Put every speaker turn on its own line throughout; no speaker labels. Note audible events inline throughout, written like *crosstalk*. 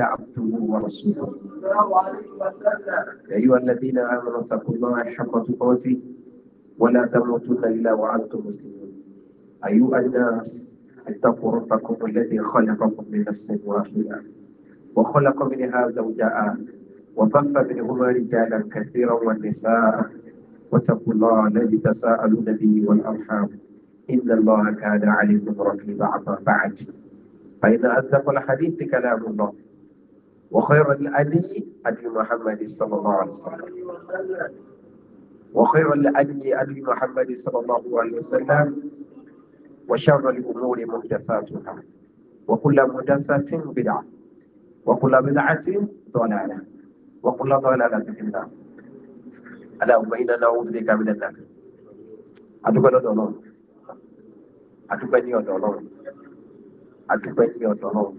عبده ورسوله يا أيها الذين آمنوا اتقوا الله حق تقاته ولا تموتن إلا وأنتم مسلمون أيها الناس اتقوا ربكم الذي خلقكم من نفس واحدة وخلق منها زوجها وبث منهما رجالا كثيرا والنساء واتقوا الله الذي تساءلون به والأرحام إن الله كان عليكم رقيبا عما بعد فإن أصدق الحديث كلام الله وخير الأدي أبي محمد صلى الله عليه وسلم وخير الأدي أبي محمد صلى الله عليه وسلم وشر الأمور محدثاتها وكل محدثة بدعة وكل بدعة ضلالة وكل ضلالة في النار اللهم إنا نعوذ بك من النار أدوك لدولون أدوك لدولون أدوك لدولون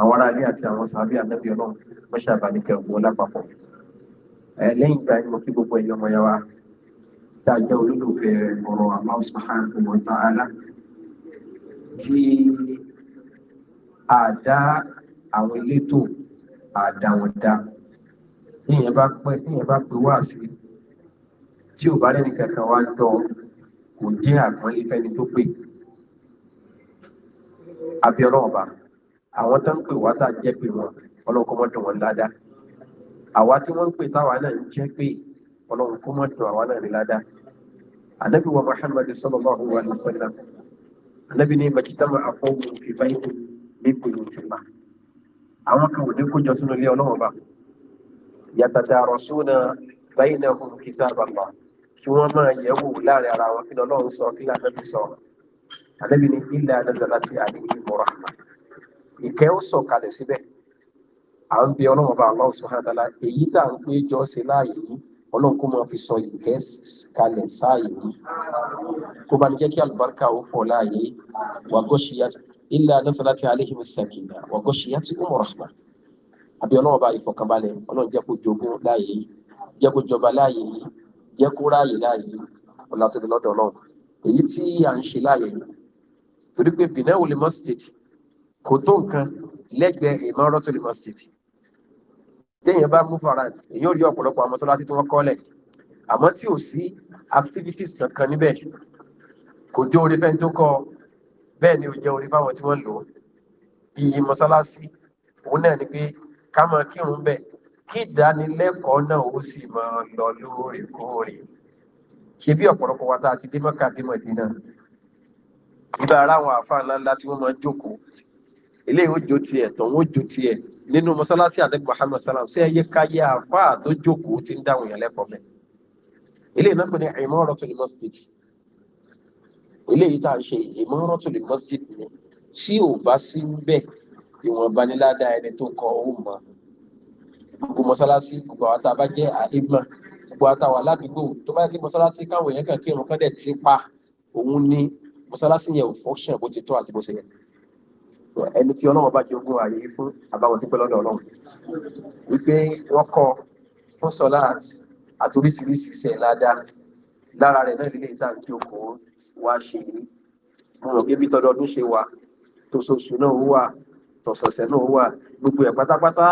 àwọn ará ilé àti àwọn sàbí ànábì ọlọ́run wọ́n ṣàbàní kẹ òun lápapọ̀ ẹ lẹ́yìn ìgbà ni mo kí gbogbo ẹ̀yọ́ ọmọ yàrá tá a jẹ́ olólùfẹ́ ọ̀rọ̀ Allah subhanahu wa ta'ala tí àdá àwọn elétò àdáwọ̀dá níyẹn bá pẹ́ níyẹn bá pé wá sí tí ò bá lẹ́nu kankan wá jọ kò jẹ́ àgbọ̀n ìfẹ́ni tó pè abiola ọba àwọn tó ń pè wá tá à ń jẹ́ pé wọn ọlọ́run kó mọ́ dùn wọn dáadáa àwa tí wọ́n ń pè táwa náà ń jẹ́ pé ọlọ́run kó mọ́ dùn àwa náà ní dáadáa anabi wa muhammadu sallallahu alayhi wa sallam anabi ní majitama afọ́wù fi báyìí ní pèlú tìlá àwọn kan ò ní kó jọ sínú ilé ọlọ́run bá yatadarasuna bainahum kitab Allah kí wọ́n máa yẹ̀ wò láàrin ara wọn kí lọ́lọ́run sọ kí lànà sọ anabi ní illa nazalati alayhim rahmah ìkẹ́ ó sọ̀kalẹ̀ síbẹ̀ à ń bẹ ọlọ́run ọba Allah subhanahu wa ta'ala èyí tá à ń pé jọ ṣe láàyè yìí ọlọ́run kó máa fi sọ ìkẹ́ kalẹ̀ sáàyè yìí kó bá ní jẹ́ kí àlùbáríkà ó fọ̀ láàyè wà gọ́ṣíyá illa nasalati alayhim as-sakina wà gọ́ṣíyá tí ó mọ̀ rahma àbí ọlọ́run ọba ìfọ̀kànbalẹ̀ ọlọ́run jẹ́ kó jogún láàyè yìí jẹ́ kó jọba láàyè yìí jẹ́ kó ráàyè láàyè yìí ọ̀làtọ̀dẹ̀ lọ́dọ̀ ọlọ́run èyí tí à ń ṣe láàyè torí pé bìnẹ́wò lè masjid kò tó nǹkan lẹ́gbẹ̀ẹ́ Imaratul Masjid téèyàn bá mú fara èyàn rí ọ̀pọ̀lọpọ̀ àwọn mọ́sálásí tí wọ́n kọ́lẹ̀ àmọ́ tí ò sí activities kankan níbẹ̀ kò jẹ́ orí fẹ́ni tó kọ́ bẹ́ẹ̀ ni ò jẹ́ orí fáwọn tí wọ́n lò ó iyì mọ́sálásí òun náà ni pé ká máa kírun bẹ́ẹ̀ kí ìdánilẹ́kọ̀ọ́ náà ó sì máa lọ lóòrèkóòrè ṣe bí ọ̀pọ̀lọpọ̀ wa tá a ti dé Mọ́kà dé Mọ̀dínà ibà ara àwọn àfa ńláńlá tí wọ́n máa jókòó eléyìí ó jó tiẹ̀ tọ̀hún ó jó tiẹ̀ nínú mọ́sálásí àdẹ́gbẹ́ Muhammad salam ṣé ẹyẹ káyé àfáà tó jókòó ti ń dáhùn yẹn lẹ́kọ̀ọ́ mẹ́ eléyìí náà pè ní imaratul masjid eléyìí tá à ń ṣe imaratul masjid ni tí ò bá sí ń bẹ̀ ìwọ̀nba ní ládàá ẹni tó kọ ó mọ̀ gbogbo mọ́sálásí gbogbo àwọn tá a bá jẹ́ àìmọ̀ gbogbo àwọn tá tó bá yẹ mọ́sálásí káwọn èèyàn kàn kí irun dẹ̀ ti pa òun ni mọ́sálásí yẹn ò fọ́ṣàn bó ti tọ́ àti bó ṣe yẹ ẹni tí ọlọ́run bá jogún ààyè fún àbáwọn dúpẹ́ lọ́dọ̀ ọlọ́run wípé wọ́n kọ́ fún sọláàt àti oríṣiríṣi iṣẹ́ ládàá lára rẹ̀ náà nílé ìta kí okò wa ṣe mo rò bí tọdọọdún ṣe wà tòṣoṣù náà wà tọ̀sọ̀ọ̀sẹ̀ náà wà gbogbo ẹ̀ pátápátá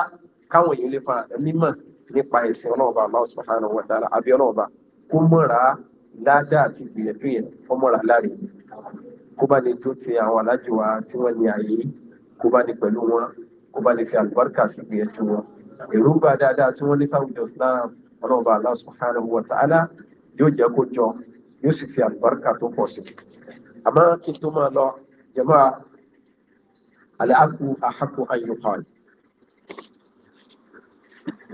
káwọn èèyàn lè fa mímọ̀ nípa ẹ̀sìn ọlọ́ọ̀bá Allah subhanahu wa ta'ala àbí ọlọ́ọ̀bá kó mọ̀ra ládàá àti ìgbìyànjú yẹn kó mọ̀ra láre kó bá ní tó ti àwọn alájò wa tí wọ́n ní ààyè kó bá ní pẹ̀lú wọn kó bá ní fi àlùbáríkà sí ìgbìyànjú wọn èròǹgbà dáadáa tí wọ́n ní sáwùjọ islam ọlọ́ọ̀bà Allah subhanahu wa ta'ala yóò jẹ́ kó jọ yóò sì fi àlùbáríkà tó pọ̀ sí àmọ́ kí n tó máa lọ jẹ́mọ́ àlàákù àhàkù ayọ̀kan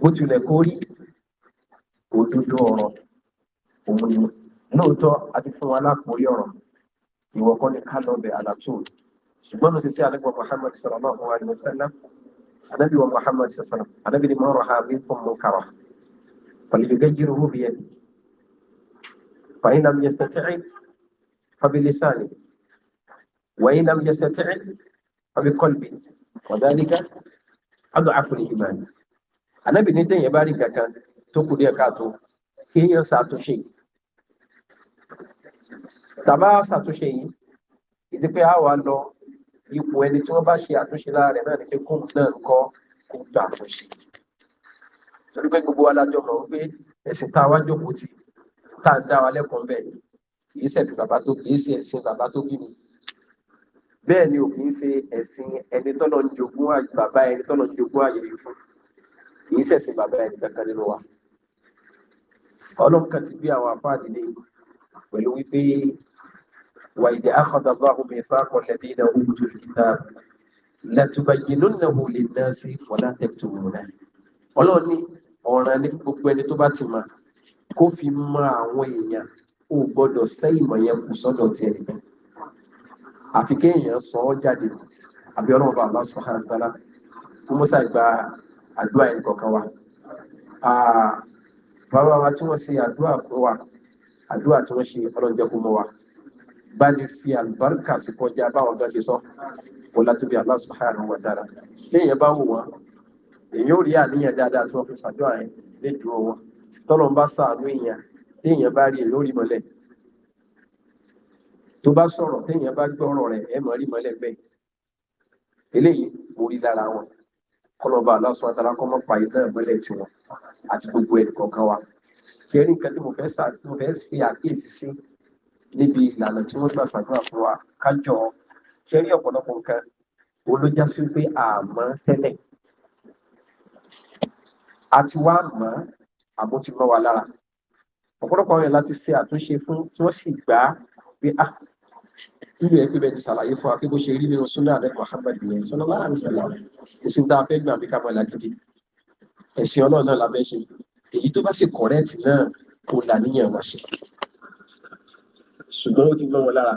bó tilẹ̀ kó rí òdodo ọ̀rọ̀ òun ni lóòótọ́ a fún wa lákòórí ọ̀rọ̀ ìwọ kọ́ ni ká lọ bẹ̀ àlàtò ṣùgbọ́n lọ́sẹ̀ sí àdẹ́gbọ̀n Muhammad sallallahu alayhi wa sallam ànábì wa Muhammad sallallahu alayhi wa sallam ànábì ni mọ́rọ̀ ha mi fún mu kàrọ̀ pàlìlẹ́gẹ́ jírò hó bìyẹn fàyín lam yastati'i fabilisani wàyín lam yastati'i fabiqalbi ọ̀dálíkà adùn àfọlẹ́yìn ànábì ní tẹ̀yẹ̀ bá rí kankan tó kù díẹ̀ káàtó kéèyàn ṣàtúnṣe tàbá ṣàtúnṣe yìí ìdí pé a wà lọ ipò ẹni tí wọ́n bá ṣe àtúnṣe láàrin náà ni pé kóun náà kọ́ kó gbà àtúnṣe torí pé gbogbo wa lájọ mọ̀ wípé ẹ̀sìn tá a wá jókòó tì tá a dá wa lẹ́kọ̀ọ́ bẹ́ẹ̀ kì í ṣẹ̀sìn bàbá tó kì í ṣe ẹ̀sìn bàbá tó bí mi bẹ́ẹ̀ ni ò kì í ṣe ẹ̀sìn ẹni tọ́lọ̀ ń jogún bàbá ẹni tọ́lọ̀ ń jogún àyè rí fún kì í ṣẹ̀sìn bàbá ẹni kankan nínú wa ọlọ́run kan ti bí àwọn àpáàdé lẹ́yìn pẹ̀lú wípé wà ìdí àkọ́dà bá omi ìfáàkọ̀ lẹ́bí iná ohun tó ti ta lẹ́tùbàjìnnúnàwó lè ná sí fọlá tẹ̀tùmùnà ọlọ́run ní ọ̀ràn ní gbogbo ẹni tó bá ti mà kó fi mọ àwọn èèyàn ò gbọ́dọ̀ sẹ́ ìmọ̀ yẹn kù sọ́dọ̀ ti ẹ̀rí àfi kéèyàn sọ ọ́ jáde àbí ọlọ́run bá Allah subhanahu wa kó mọ́sà gba àdúrà ẹnì kọ̀ọ̀kan wa ah, bàbá wa tí wọ́n ṣe àdúrà fún wa àdúrà tí wọ́n ṣe ọlọ́njẹ́ kó mọ́ wa bá ní fi àlùbáríkà sí kọjá báwọn gan ṣe sọ wọn láti bí Allah subhanahu wa ta'ala léèyàn bá wò wọn èyàn ò rí àníyàn dáadáa tí wọ́n fi ṣàdúrà yẹn lè dúró wọn tọ́lọ̀ ń bá sàánú èèyàn téèyàn bá rí èyàn ò rí mọ́lẹ̀ tó bá sọ̀rọ̀ téèyàn bá gbọ́rọ̀ rẹ̀ ẹ̀ mọ̀ rí mọ́lẹ̀ bẹ́ẹ̀ eléyìí mo rí lára wọn kọlọ́ba Allah subhanahu wa mọ́ pàyẹ́ náà mọ́lẹ̀ tiwọn àti gbogbo ẹ̀ kọ̀ọ̀kan wa fẹ́ rí nǹkan tí mo fẹ́ sà tí mo fẹ́ fi àkíyèsí sí níbi ìlànà tí wọ́n gbà ṣàdúrà fún wa kájọ ṣẹ́rí ọ̀pọ̀lọpọ̀ nǹkan wo ló já sí pé àmọ́ tẹ́lẹ̀ a ti wá mọ́ àbó ti mọ́ wa lára ọ̀pọ̀lọpọ̀ àwọn yẹn láti ṣe àtúnṣe fún tí wọ́n sì gbà á pé a nínú ẹ pé bẹ́ẹ̀ ti ṣàlàyé fún wa pé bó ṣe rí nínú súnà àdẹ Muhammad yẹn sọlá láàrin sàlá kò sí ní tá a fẹ́ gbà bí ká mọ ìlàjì ẹ̀sìn Ọlọ́run náà la ṣe èyí tó bá ṣe correct náà kò làníyàn wọn ṣe ṣùgbọ́n ó ti mọ́ wọn lára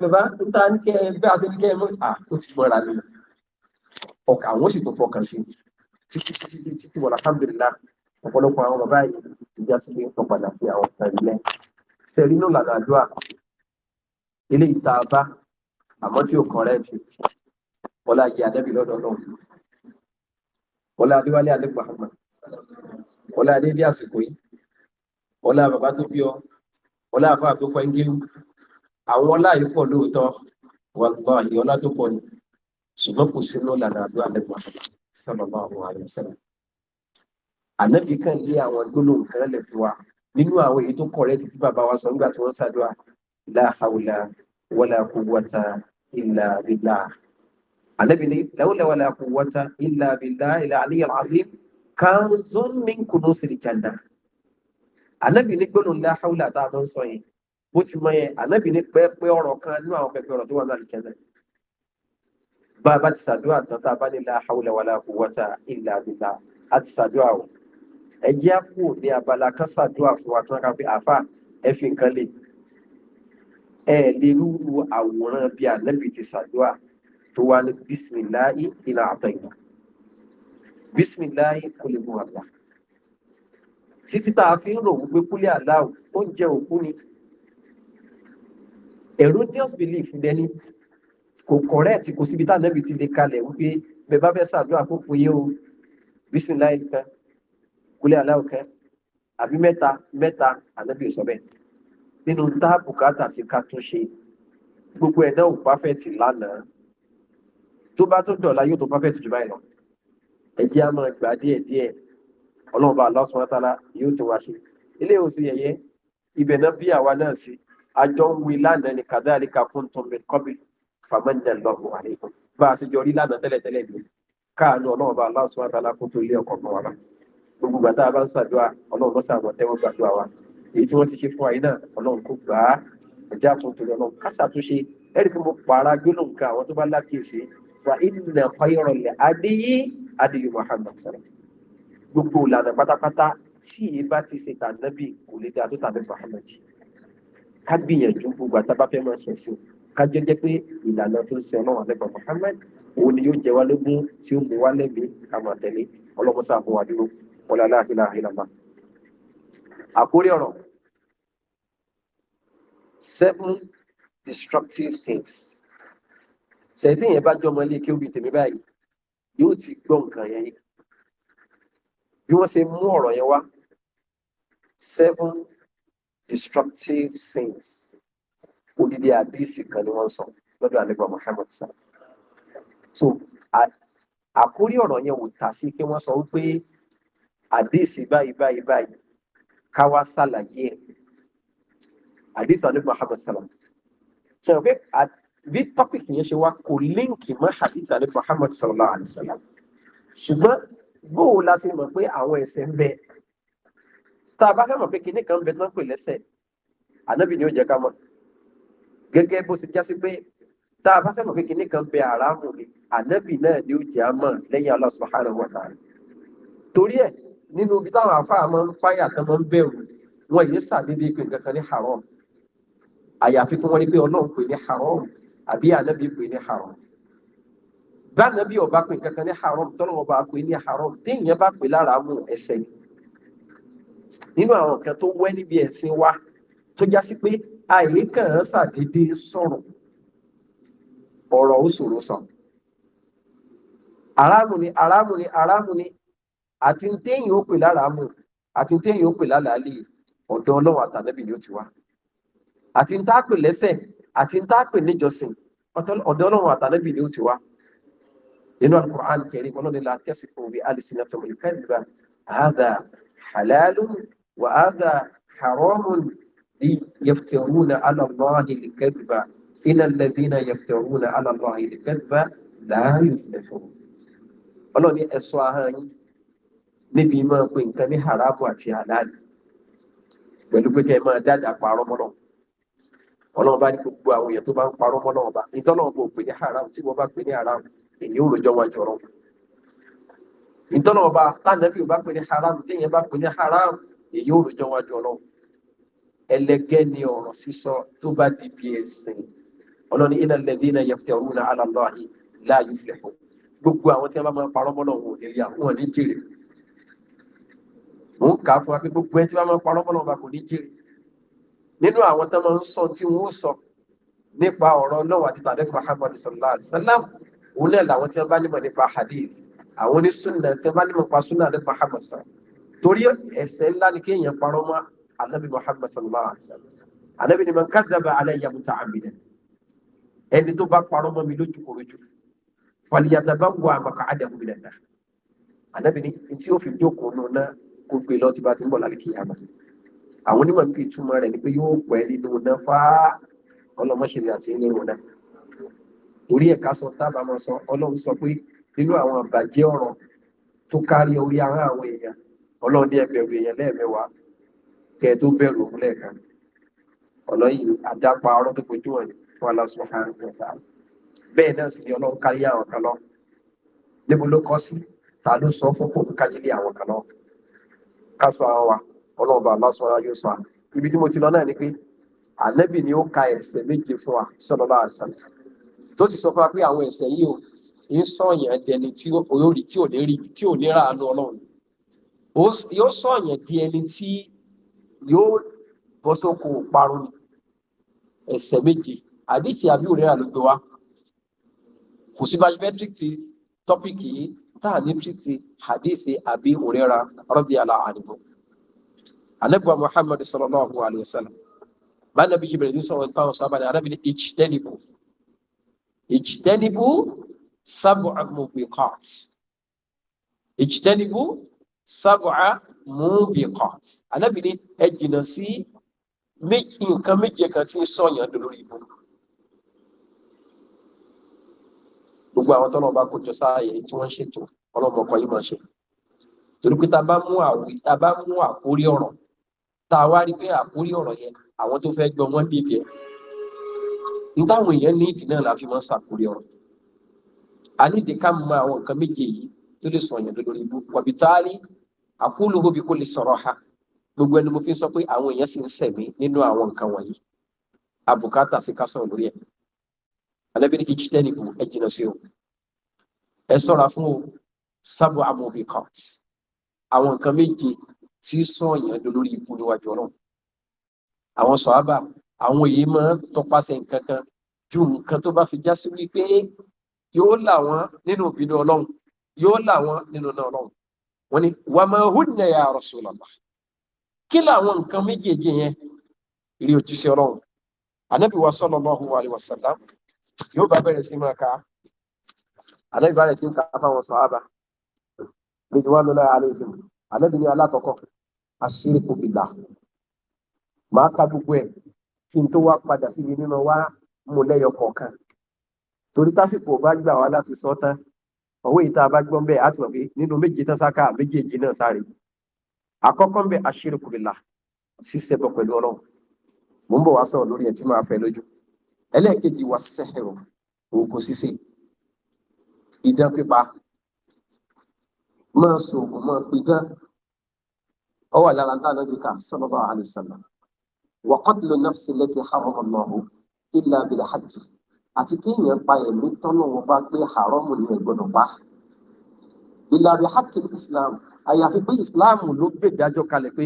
bàbá ń ta ní kẹ́ bí a ṣe ní kẹ́ ẹ mọ́ à ó ti mọ́ra ni ọkà àwọn sì tó fọkàn sí títí títí títí tí wọn alhamdulilá ọ̀pọ̀lọpọ̀ àwọn bàbá yìí ìjà sí pé wọ́n padà fi àwọn ọ̀tàn ilẹ̀ sẹ́rí náà lànà àdúrà eléyìí tá a bá àmọ́ tí ó kàn rẹ̀ ti ọlá yìí àdẹ́bí lọ́dọọdọ́ ọlá adéwálé adébàmọ́ ọlá adé bí àsìkò yìí ọlá bàbá tó bí ọ ọlá àbá tó kọ ẹngírú àwọn ọlá yìí pọ̀ lóòótọ́ wà gbọ́ àyè ọlá tó pọ̀ ni ṣùgbọ́n kò sí ló lànà àdúrà lẹ́gbọ̀n sábàbà àwọn àyè sẹ́lẹ̀ ànábì kan lé àwọn gbólóhùn kan lẹ̀ fún wa nínú àwọn èyí tó kọ̀ rẹ́ títí bàbá wa sọ nígbà tí wọ́n ṣàdúrà láhàwùlà wọlé àkúwọ́ta ìlà bílà ànábì ní láwùlà wọlé àkúwọ́ta ìlà bílà ìlà àlíyàn àlíyàn kanzun min kunuzil janna ànábì ní gbónú ńlá haúlà tá a mọ́ ń sọ yìí bó ti mọ yẹn ànábì ní pẹ́ẹ́pẹ́ ọ̀rọ̀ kan nínú àwọn pẹ́ẹ́pẹ́ ọ̀rọ̀ tó wà láti janna bá a bá ti ṣàdúrà tán tá a bá ní la haúlà wala quwwata illa billah a ti ṣàdúrà o ẹ jẹ́ kú ní abala kan ṣàdúrà fún wa tán ká fi àáfà ẹ fi nǹkan lè ẹ lè rúru àwòrán bí ànábì ti ṣàdúrà tó wà ní bismillahi ila àtọ̀ bísmìláì kúlẹ̀ mú àlá títí tá a fi ń rò wípé kúlẹ̀ àlá ó ń jẹ òkú ni erroneous belief dẹni kò correct kò síbi tá nẹ́bi ti lè kalẹ̀ wípé bẹ́ẹ̀ bá fẹ́ ṣàdúrà fún fún yín o bísmìláì kan kúlẹ̀ àlá kan àbí mẹ́ta mẹ́ta ànábì sọ bẹ́ẹ̀ nínú tá bùkátà sí ká tún ṣe gbogbo ẹ̀ náà ò perfect lánàá tó bá tó dọ̀la yóò tó perfect jù báyìí lọ ẹ̀jẹ̀ á máa gbà díẹ̀ díẹ̀ ọlọ́run bá Allah subhanahu wa ta'ala yóò tó wá ṣe ilé òsì yẹyẹ ibẹ̀ náà bí àwa náà sí àjọ ń wí lánàá ni kadhalika kuntum min qabl famanna Allahu alaykum bá a ṣe jọ rí lánàá tẹ́lẹ̀tẹ́lẹ̀ mi káàánú ọlọ́run bá Allah subhanahu wa ta'ala fún tó ilé ọkọ̀ mọ́ gbogbo ìgbà bá ń ṣàdúrà ọlọ́run mọ́sà àwọn tẹ́wọ́ gbàdúrà wa èyí tí wọ́n ti ṣe fún àyínà ọlọ́run kò gbà á ẹ̀jẹ̀ àkóńtò ọlọ́run kásà tó ṣe ẹ̀rí pé mo pààrà gbénú nǹkan àwọn tó bá lákìyèsí فإن خير الهدي هدي محمد صلى الله عليه وسلم gbogbo ìlànà pátápátá tí èyí bá ti ṣe tànàbí kò lè dáa tó tàbí Muhammad ká gbìyànjú gbogbo àtàbá fẹ́ máa ṣẹ̀ sí ká jẹ́ jẹ́ pé ìlànà tó ń ṣe ọlọ́run àlẹ́bà Muhammad òun ni yóò jẹ wá lógún tí ó mú wá lẹ́mí àmọ̀ tẹ̀lé ọlọ́mọsá àbọ̀ wà dúró ọlá aláàfin láàrin làmà. seven destructive things sẹ̀tì yẹn bá jọmọ ilé kéwì tèmi báyìí yóò ti gbọ́ nǹkan yẹn bí wọ́n ṣe mú ọ̀rọ̀ yẹn wá seven destructive sins odidi àdìsí kan ni wọ́n sọ lọ́dọ̀ àlẹ́gbà Muhammad sa so àkórí ọ̀rọ̀ yẹn wò tà sí kí wọ́n sọ wípé àdìsí báyìí báyìí báyìí káwá ṣàlàyé ẹ̀ àdìsí àlẹ́gbà Muhammad sa sọ pé bí topic yẹn ṣe wá kò líǹkì mọ́ hadith alẹ́ Muhammad sallallahu Alaihi wa sallam ṣùgbọ́n bóò la ṣe mọ̀ pé àwọn ẹ̀ṣẹ̀ ń bẹ tá a bá fẹ́ mọ̀ pé kinní kan ń bẹ tó ń pè lẹ́ṣẹ̀ ànábì ni ó jẹ́ ká mọ̀ gẹ́gẹ́ bó ṣe jásí pé tá a bá fẹ́ mọ̀ pé kinní kan ń bẹ àràmù ni ànábì náà ni ó jẹ́ á mọ̀ lẹ́yìn Allah subhanahu wa ta'ala torí ẹ̀ nínú ibi táwọn afáà máa ń fáyà tán máa ń bẹ̀rù wọn yìí sàdédé pé nǹkan kan ní haram àyàfi kí wọ́n rí pé ọlọ́run pè ní haram àbí ànábì pè ní haram bá ànábì ọba pè kankan ní haram tọ́lọ́ ọba pè ní haram téèyàn bá pè lára mú ẹsẹ̀ ni nínú àwọn kan tó wẹ́ níbi ẹ̀sìn wa tó já sí pé àyè kàn án ṣàdédé sọ̀rọ̀ ọ̀rọ̀ ó ṣòro sọ aráàmù ni aráàmù ni aráàmù ni àti téèyàn ó pè lára mú àti téèyàn ó pè lálàálì ọ̀dọ̀ ọlọ́run àtànábì ni ó ti wá àti tá a pè lẹ́sẹ̀ àti ń tápè níjọsìn ọ̀dọ̀ ọlọ́run àtàlẹ́bì ni ó ti wá nínú alukur'an kẹrin ọlọ́ni la tẹ́sìkò bí alìsìnà tó mọ̀lẹ́kẹ́ ìgbà àádá halalun wà àádá haramun ní yẹfẹ̀rúnà alàlọ́hìn ìkẹ́gbà iná lẹ́bínà yẹfẹ̀rúnà alàlọ́hìn ìkẹ́gbà láàyò fẹ̀fẹ̀rún ọlọ́ni ẹ̀sọ́ ahọ́n yín níbi máa pe nǹkan ní haramu àti halali pẹ̀lú pé kẹ́ máa dáadáa pa arọ́mọ́lọ́mọ́ ọlọ́run bá ní gbogbo àwọn èèyàn tó bá ń parọ́ mọ́ lọ́wọ́ bá ìtọ́lọ́run kò pè ní haram tí wọ́n bá pè ní haram èyí ò lójọ́ wájú ọ̀rọ̀ ìtọ́lọ́run bá tánàbí ò bá pè ní haram tí èèyàn bá pè ní haram èyí ò lójọ́ wájú ọ̀rọ̀ ẹlẹgẹ́ ni ọ̀rọ̀ sísọ tó bá di bí ẹ̀sìn ọlọ́ni iná lẹ́dí iná yẹfẹ́ òun náà alàlọ́ àyè láàyè fìlẹ̀kọ́ gbogbo àwọn tí wọ́n bá máa parọ́ mọ́ lọ́wọ́ òní wọn ní ní nínú àwọn tó máa ń sọ tí wọ́n sọ nípa ọ̀rọ̀ náà àti tàdékù Muhammadu sallallahu alaihi wa sallam òun náà làwọn tí wọ́n bá nímọ̀ nípa hadith àwọn onísùnà tí wọ́n bá nímọ̀ nípa súnà nípa Muhammad sàn torí ẹ̀ṣẹ̀ ńlá ni kéèyàn parọ́ mọ́ anabi Muhammad sallallahu alaihi wa sallam anabi ni man kadaba alayya muta'ammidan ẹni tó bá parọ́ mọ́ mi lójú kòrójú falyatabawwa maq'adahu minan nar anabi ni tí ó fi jókòó náà kó gbé lọ tí bá ti ń àwọn onímọ̀ nípa ìtumọ̀ rẹ̀ ni pé yóò pẹ́ nínú ọ̀nà fá ọlọ́mọṣẹ́lẹ̀ àti nínú ọ̀nà orí ẹ̀ka sọ tábà máa sọ ọlọ́run sọ pé nínú àwọn àbàjẹ́ ọ̀rọ̀ tó kárí orí ara àwọn èèyàn ọlọ́run ní ẹbẹ̀rù èèyàn lẹ́ẹ̀mẹ́wàá kẹ tó bẹ̀rù òun lẹ́ẹ̀kan ọ̀nà yìí àdápa ọ̀rọ̀ tó fojú hàn fún aláṣọ àrùn ọ̀tá bẹ́ẹ̀ náà sì ni ọlọ́run kárí àwọn kan lọ níbo ló kọ́ sí ta ló sọ fún kò kárí lé àwọn kan lọ ká sọ àwọn wa ọlọ́run bá lásán ara yóò sá ibi tí mo ti lọ náà ni pé ànábì ni ó ka ẹ̀ṣẹ̀ méje fún wa sọ́nà bá àṣà tó sì sọ fún wa pé àwọn ẹ̀ṣẹ̀ yìí ò ń sọ̀yàn dẹni tí ò rí tí ò ní rí tí ò ní ra àánú ọlọ́run yóò sọ̀yàn di ẹni tí yóò bọ́ sóko parun ẹ̀ṣẹ̀ méje àdìsí àbí òrìrà ló gbé wa kò sí bájú fẹ́ tírìtì tọ́pìkì yìí tá à ní tírìtì àdìsí àbí òrìrà rọ́bì àlà àdìbò anabiwa muhammad sallallahu alayhi wa sallam bá nàbí jìbìrì ní sọ̀rọ̀ táwọn sọ̀rọ̀ àbáyé arábìnrin ìjìdẹ́nìbù ìjìdẹ́nìbù sab'a mubiqat ìjìdẹ́nìbù sab'a mubiqat arábìnrin ẹ jìnnà sí nǹkan méje kan tí ń sọ̀yàn lórí ibù gbogbo àwọn tọ́lọ́ bá kójọ sáàyè tí wọ́n ń ṣètò ọlọ́mọkọ yìí máa ṣe torí pé tá a bá mú àkórí ọ̀rọ̀ tá a wá rí pé àkórí ọ̀rọ̀ yẹn àwọn tó fẹ́ gbọ́ wọ́n nídìí ẹ̀ ní táwọn èèyàn nídìí náà la fi máa ń ṣàkórí ọ̀rọ̀ a nídìí ká mọ àwọn nǹkan méje yìí tó lè sọ yẹn lórí ibú wàbí táálí àkúlù hóbi kò lè sọ̀rọ̀ ha gbogbo ẹni mo fi sọ pé àwọn èèyàn sì ń sẹ̀mí nínú àwọn nǹkan wọ̀nyí àbùkátà sí ká sọ̀rọ̀ lórí ẹ̀ alẹ́bìnrin ìjìtẹ́nìbù ẹ jìnnà sí o ẹ sọ̀ra fún o sábò amòbí kọ́t àwọn nǹkan méje tí sọ̀yàn dolórí ikú níwájú ọlọ́run àwọn sọ̀hábà àwọn èyí máa ń tọpasẹ̀ nǹkan kan ju nǹkan tó bá fi já sí wípé yóò là wọn nínú ìbínú ọlọ́run yóò là wọn nínú náà ọlọ́run wọn ni wà máa hùnà ya Rasulullah kí làwọn nǹkan méjèèjì yẹn rí òjíṣẹ́ ọlọ́run anábì wa sallallahu alaihi wasallam yóò bá bẹ̀rẹ̀ sí máa ka anábì bá bẹ̀rẹ̀ sí ka fáwọn sọ̀hábà ridwanullahi alaihim àlẹ́bí ní alákọ̀ọ́kọ́ àṣírikù ìlà máa ka gbogbo ẹ̀ kí n tó wá padà síbi nínú wá mú lẹ́yọ kọ̀ọ̀kan torí tásìkò bá gbà wá láti sọ tán ọwọ́ yìí tá a bá gbọ́ ń bẹ̀ á ti mọ̀ pé nínú méje tán sáká méjèèjì náà sáré àkọ́kọ́ ń bẹ̀ àṣírikù ìlà ṣíṣẹ́ bọ̀ pẹ̀lú ọlọ́run mò ń bọ̀ wá sọ̀rọ̀ lórí ẹ̀ tí máa fẹ́ lójú ẹlẹ́ẹ̀kejì wà sẹ́hẹ̀rọ̀ òògùn ṣíṣe ìdán pípa máa sọ òògùn máa pidán ó wà lára tá ànábì ká sallallahu alaihi wasallam wa qatlu nafsi allati harrama Allahu illa bil haqq àti kéèyàn pa ẹ̀mí tọ́nà wọn bá gbé haramu ní ẹ̀gbọ́dọ̀ pa illa bi haqqi islam àyàfi pé islam ló gbé ìdájọ́ kalẹ̀ pé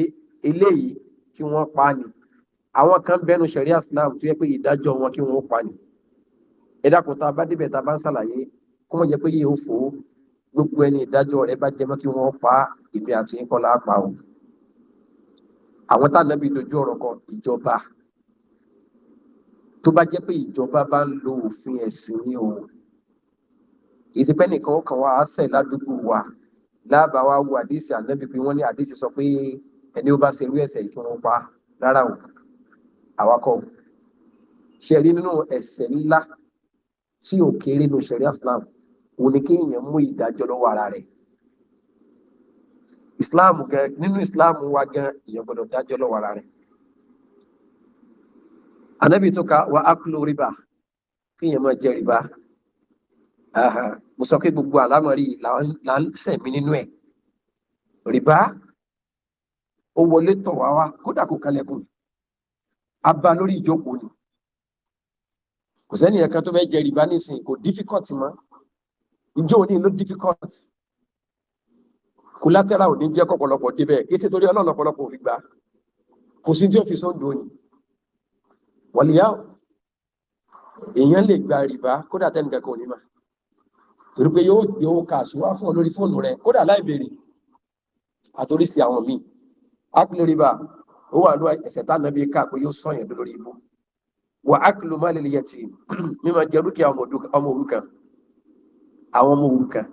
eléyìí kí wọ́n pa ni àwọn kan bẹnu sẹ̀ríà islam tó yẹ pé ìdájọ́ wọn kí wọ́n pa ni ẹ̀dá kò tá a bá débẹ̀ tá a bá ń ṣàlàyé kó wọ́n jẹ́ pé yìí ó fò ó gbogbo ẹni ìdájọ́ rẹ̀ bá jẹ́ mọ́ kí wọ́n pa ìgbé àti ńkọ́lá pa òun àwọn tánàbí dojú ọ̀rọ̀ kan ìjọba tó bá jẹ́ pé ìjọba bá ń lo òfin ẹ̀sìn ní o kì í ti pẹ́ nìkan ó kàn wá àṣẹ ládùúgbò wa lábàá wa wo àdìsí ànábì pé wọ́n ní àdìsí sọ pé ẹni ó bá ṣe irú ẹ̀ṣẹ̀ kí wọ́n pa rárá o àwakọ̀ ṣe rí nínú ẹ̀ṣẹ̀ ńlá tí ò kéré nínú ṣẹ̀ríà Islam òun ni kéèyàn mú ìdájọ́ lọ́wọ́ ara rẹ̀ islam gan nínú islam wa gan èèyàn gbọ́dọ̀ dájọ́ lọ́wọ́ ara rẹ̀ anabi tó ka wa akulu riba kéèyàn máa jẹ riba mo sọ pé gbogbo àlámọ̀rí là ń sẹ̀mí nínú ẹ̀ riba ó wọlé tọ̀ wá wá kódà kò kalẹ̀kùn a bá lórí ìjókòó ni kò sẹ́nìyàn kan tó fẹ́ jẹ riba nísìnyí kò difficult mọ́ ìjọ òní ló difficult kùlátẹ́rà ò ní jẹ́ kọ̀pọ̀lọpọ̀ débẹ̀ kí ṣe torí ọlọ́run ọ̀pọ̀lọpọ̀ òfin gbà kò sí tí ó fi sọ́ńdò ni wàlíyá èèyàn lè gba rìbá kódà tẹ́nìkan kò ní mà torí pé yóò gbé owó kàṣù wá fún ọ lórí fóònù rẹ kódà láì béèrè àtòrí sí àwọn míì ákùlù rìbá ó wà lóra ẹsẹ̀ tá nàbí ká pé yóò sọ yẹn lórí ibú wà ákùlù má lè tì *clears throat* mímọ jẹ dúkìá ọmọ òrukàn àwọn ọmọ òrukàn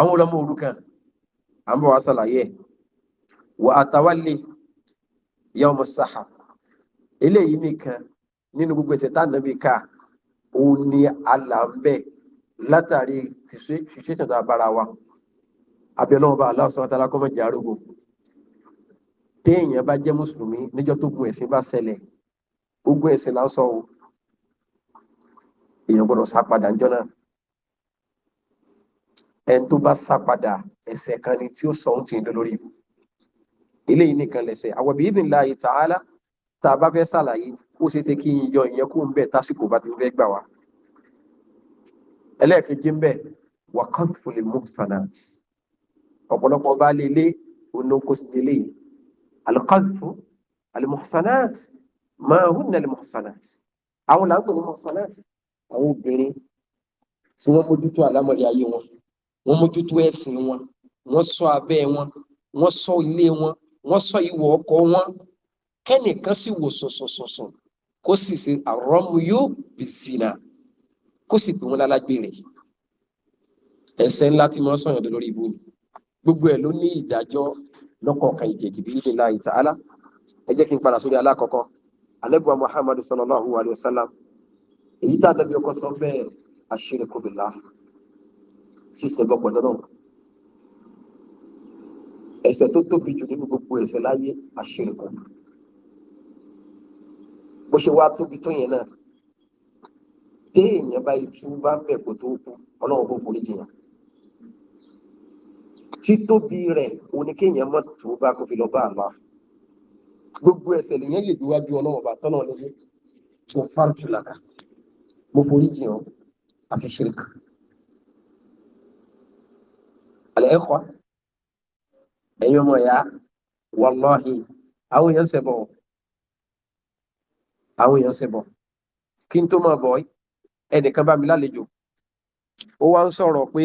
àwọn ọmọ òrukàn à ń wa wá ṣàlàyé ẹ̀ wà àtàwálé yọmọ sáà nìkan nínú gbogbo ẹsẹ̀ tá nàbí ká òun ni àlà ń bẹ látàrí situation tó abára wa abẹ́lọ́wọ́ bá ala subhanahu wa ta'ala kọ́mọ̀ arógo téèyàn bá jẹ́ mùsùlùmí níjọ tó gun ẹ̀sìn bá lásán o èèyàn sá padà náà ẹni tó bá sá padà ẹ̀ṣẹ̀ kan ni tí ó sọ ohun tí ń dolórí ibu eléyìí nìkan lẹ̀ṣẹ̀ àwọn ibi ìdìnnà láàyè tààlà tá a bá fẹ́ ṣàlàyé ó ṣeé ṣe kí n yọ ìyẹn kó ń bẹ̀ tásìkò bá ti fẹ́ gbà wá ẹlẹ́ẹ̀kejì ń bẹ̀ wà kọ́ńtìfòlì mọ́sánát ọ̀pọ̀lọpọ̀ bá lè lé onókó sí lè léyìí alukọ́ńtìfò alimọ̀sánát máa hùn ní alimọ̀sánát àwọn làwọn pè ní mọ̀sánát àwọn obìnrin tí wọ́n mójútó àlámọ̀rí ayé wọn wọ́n mójútó ẹ̀sìn wọn wọ́n ṣọ́ abẹ́ wọn wọ́n ṣọ́ ilé wọn wọ́n ṣọ́ ìwọ̀ ọkọ̀ wọn kẹ́nìkan sì wò sọ̀sọ̀sọ̀sọ̀ kó sì ṣe àrọ́mú yóò bì zina kó sì pè wọ́n lálágbèrè ẹ̀ṣẹ̀ ńlá tí wọ́n sọ̀yàn lórí ibú gbogbo ẹ̀ ló ní ìdájọ́ lọ́kọ̀ọ̀kan ìkejì bí ìdílé láì tààlà ẹ jẹ́ kí n padà sórí alákọ̀ọ́kọ́ alẹ́bùwà muhammadu sallallahu alayhi wa sallam èyí tá a dábìí ọkọ̀ sọ bẹ́ẹ̀ àṣírí kò bìlá ṣíṣe bọ́ pẹ̀lú ọlọ́run ẹ̀ṣẹ̀ tó tóbi jù nínú gbogbo ẹ̀ṣẹ̀ láyé àṣírìkù bó ṣe wá tóbi tó yẹn náà téèyàn bá itú bá ń bẹ̀ kó tó kú ọlọ́run kò forí jìyàn títóbi rẹ̀ oníkéèyàn mọ̀ tó bá kó fi lọ bá àlọ́ gbogbo ẹ̀ṣẹ̀ lèyàn lè gbéwájú ọlọ́run bá tọ́nà lọ́sẹ̀ kò fárútù làkà mo forí jìyàn àfi ṣírìkù àlẹ́kọ́ ẹ̀yin ọmọ ìyá wàlọ́hì àwọn èèyàn ń ṣẹbọ àwọn èèyàn ń ṣẹbọ kí n tó máa bọ̀ ẹnìkan bá mi lálejò ó wá ń sọ̀rọ̀ pé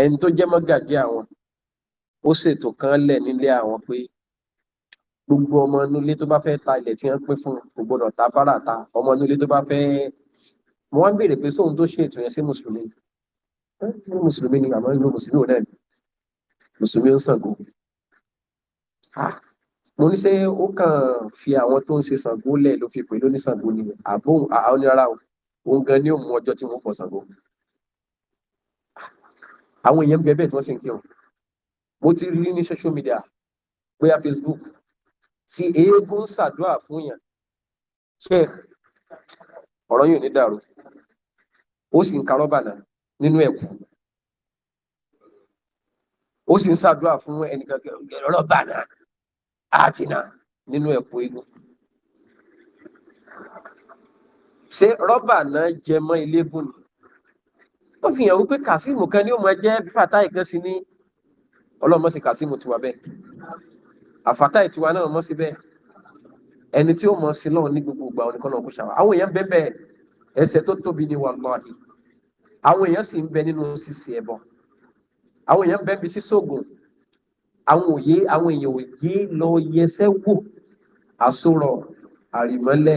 ẹni tó jẹ́ mọ́gàjí àwọn ó ṣètò kan lẹ̀ nílé àwọn pé gbogbo ọmọ inúlé tó bá fẹ́ ta ilẹ̀ tí wọ́n pín fún kò gbọdọ̀ ta ta ọmọ inúlé tó bá fẹ́ mo béèrè pé sóhun tó ṣètò yẹn sí mùsùlùmí ìlú mùsùlùmí ni àmọ́ ìlú mùsùlùmí náà ni mùsùlùmí ń Ṣàngó mo ní ṣé ó kàn fi àwọn tó ń ṣe Ṣàngó lẹ̀ ló fi pè lóní Ṣàngó ni àbó àwọn oníra òun gan ni ó mú ọjọ́ tí wọ́n pọ̀ Ṣàngó àwọn èèyàn bẹ́ẹ̀ bẹ́ẹ̀ tí wọ́n sì ń kírun mo ti rí ní social media bóyá Facebook tí eégún ṣàdúrà fún yàn ṣe ọ̀rọ̀ yìí ò ní dàrú ó sì ń karọ́ bàlá nínú ẹ̀kú ó sì ń ṣàdúrà fún ẹnìkan ọlọ́bà náà àti náà nínú ẹ̀kú eégún ṣé rọ́bà náà jẹ mọ́ ilégún ni ó fi hàn wípé kàsíìmù kan ni ó mọ jẹ́ fífàtà ìkan sí ní ọlọ́mọ sí kàsíìmù tiwa bẹ́ẹ̀ àfàtà ìtiwa náà mọ́ sí bẹ́ẹ̀ ẹni tí ó mọ sí lọ́wọ́ ní gbogbo ìgbà oníkan náà ṣàwà àwọn èèyàn bẹ́ẹ̀ bẹ́ẹ̀ ẹsẹ̀ tó tóbi ni wàlúwàhì àwọn èèyàn sì ń bẹ nínú ṣíṣe ẹbọ àwọn èèyàn ń bẹ bí ṣíṣògùn àwọn òye àwọn èèyàn òye lọ yẹsẹ wò àsorọ àrìmọlẹ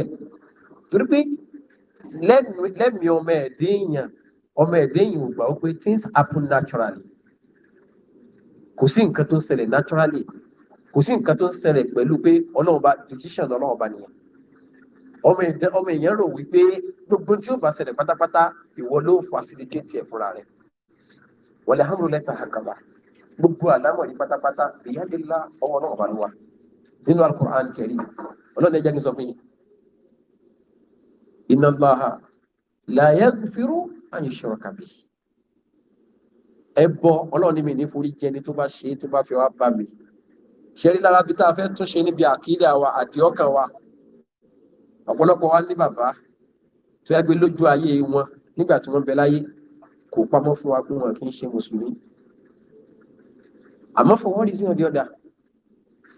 torí pé lẹ́mìí ọmọ ẹ̀dẹ́ èèyàn ọmọ ẹ̀dẹ́ èèyàn ò ó pé things happen naturally kò sí nǹkan tó ń ṣẹlẹ̀ naturally kò sí nǹkan tó ń ṣẹlẹ̀ pẹ̀lú pé ọlọ́run bá decision ọlọ́run bá nìyẹn ọmọ ẹ̀dẹ́ ọmọ èèyàn rò wípé gbogbo tí ó bá ṣẹlẹ̀ pátápátá ìwọ ló facilitate ẹ̀ fúnra rẹ̀ wọlé hàmúlò lẹ́sà àkàbà gbogbo àlámọ̀ yìí pátápátá ìyáàdínlá ọwọ́ náà wà lówà nínú alukur'an kẹrì ọlọ́run ẹ̀jẹ̀ ní sọ fún yín inna Allaha la yaghfiru an yushraka bihi ẹ bọ ọlọ́run ní mi ní forí jẹni tó bá ṣe tó bá fi wá bá mi ṣe rí lára bí tá a fẹ́ tún ṣe níbi àkídà wa àdìọ́kàn wa ọ̀pọ̀lọpọ̀ wa ní bàbá tó yẹ pé lójú ayé wọn nígbà tí wọ́n bẹ láyé kò pamọ́ fún wa pé wọn kì í ṣe mùsùlùmí àmọ́ for one reason or the other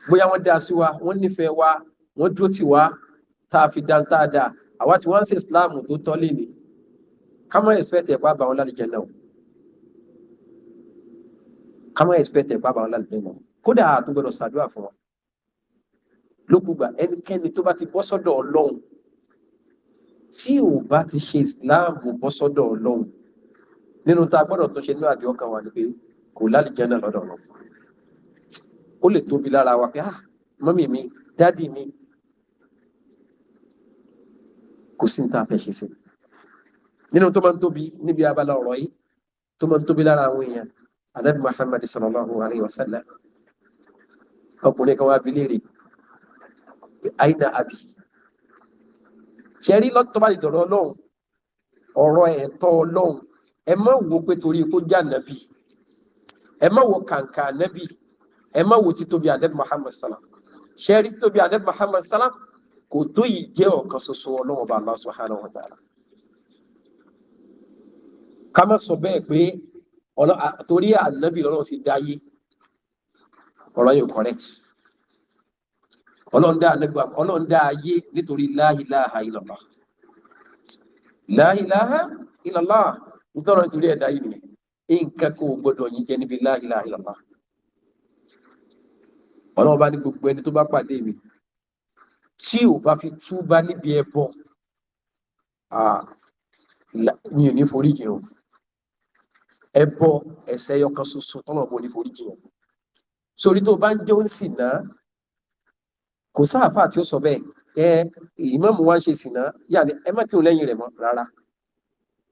bóyá wọ́n dá sí wa wọ́n nífẹ̀ẹ́ wa wọ́n dúró tì wá tá a fi dáńtàdà àwa tí wọ́n ń ṣe Islam tó tọ́ lé ní ká má expect ẹ̀kọ́ àbàwọn lálejò náà ká má expect ẹ̀kọ́ àbàwọn lálejò náà kódà àtúgbọ̀dọ̀ ṣàdúrà fún wọn lókùgbà ẹnikẹ́ni tó bá ti bọ́ sọ́dọ̀ ọlọ́run tí ò bá ti ṣe ìsìláàmù bọ́ sọ́dọ̀ ọlọ́run nínú tá a gbọ́dọ̀ tó ṣe ní àdìọ́ kan wà ní pé kò lálìjẹ́nà lọ́dọ̀ lọ ó lè tóbi lára wa pé ah mọ́mì mi dádì mi kò sí ní tá a fẹ́ ṣe sí nínú tó máa ń tóbi níbi abala ọ̀rọ̀ yìí tó máa ń tóbi lára àwọn èèyàn anabi muhammad sallallahu alayhi wa sallam ọkùnrin kan wá bi léèrè pé àìdá àbí ṣe rí lọ́tọ́ bá lè dọ̀rọ̀ ọlọ́run ọ̀rọ̀ ẹ̀tọ́ ọlọ́run ẹ má wo pé torí kó já nàbì ẹ má wo kàǹkà nàbì ẹ má wo títóbi adébù Muhammad salam ṣe rí títóbi adébù Muhammad salam kò tó yìí jẹ́ ọ̀kan ṣoṣo ọlọ́run ọba Allah subhanahu wa ta'ala ká má sọ bẹ́ẹ̀ pé torí ànábì lọ́rọ̀ ti dáyé ọ̀rọ̀ yóò correct ọlọ́run dá anẹ́gbà ọlọ́run dá ayé nítorí la ilaha illallah la ilaha illallah nítorí nítorí ẹ̀dá yìí nìyẹn nǹkan kò gbọdọ̀ yín jẹ níbi la ilaha illallah ọlọ́run bá ní gbogbo ẹni tó bá pàdé mi tí ò bá fi túbá níbi ẹbọ mi ò ní foríjì yọkan ṣoṣo tọ́lọ̀ bó ní foríjì sórí tó bá ń jẹun sì náà kò sáàfà tí ó sọ bẹ́ẹ̀ ẹ ìmáàmù wa ń ṣe sìnà yàní ẹ má kírun lẹ́yìn rẹ̀ mọ́ rárá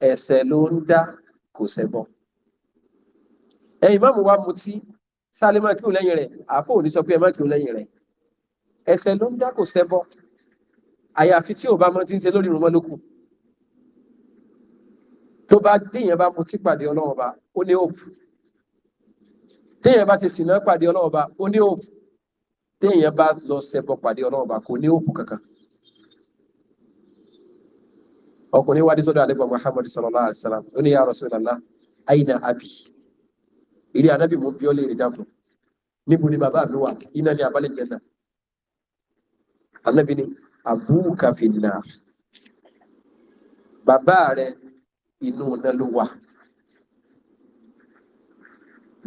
ẹ̀ṣẹ̀ ló ń dá kò ṣẹbọ ẹ ìmáàmù wa mutí sálẹ má kírun lẹ́yìn rẹ̀ àáfò òní sọ pé ẹ má kírun lẹ́yìn rẹ̀ ẹ̀ṣẹ̀ ló ń dá kò ṣẹbọ àyàfi tí ò bá mọ ti ń ṣe lórí irun lókù tó bá déèyàn bá mutí pàdé ọlọ́run ọba ó ní òòpù téèyàn bá ṣe sìnà pàdé ọlọ́run ọba ó ní òòpù téèyàn bá lọ ṣẹbọ pàdé ọlọ́run ọba kò ní òpó kankan ọkùnrin wá dé àdébọ muhammad sallallahu alaihi wasallam ó ní ya rasulallah aina abi eré anábì mú bí ó lè rí dáàbò níbo ni bàbá mi wà iná ní abálẹ jẹ náà anábì ni abúkà fìlà bàbá rẹ inú náà ló wà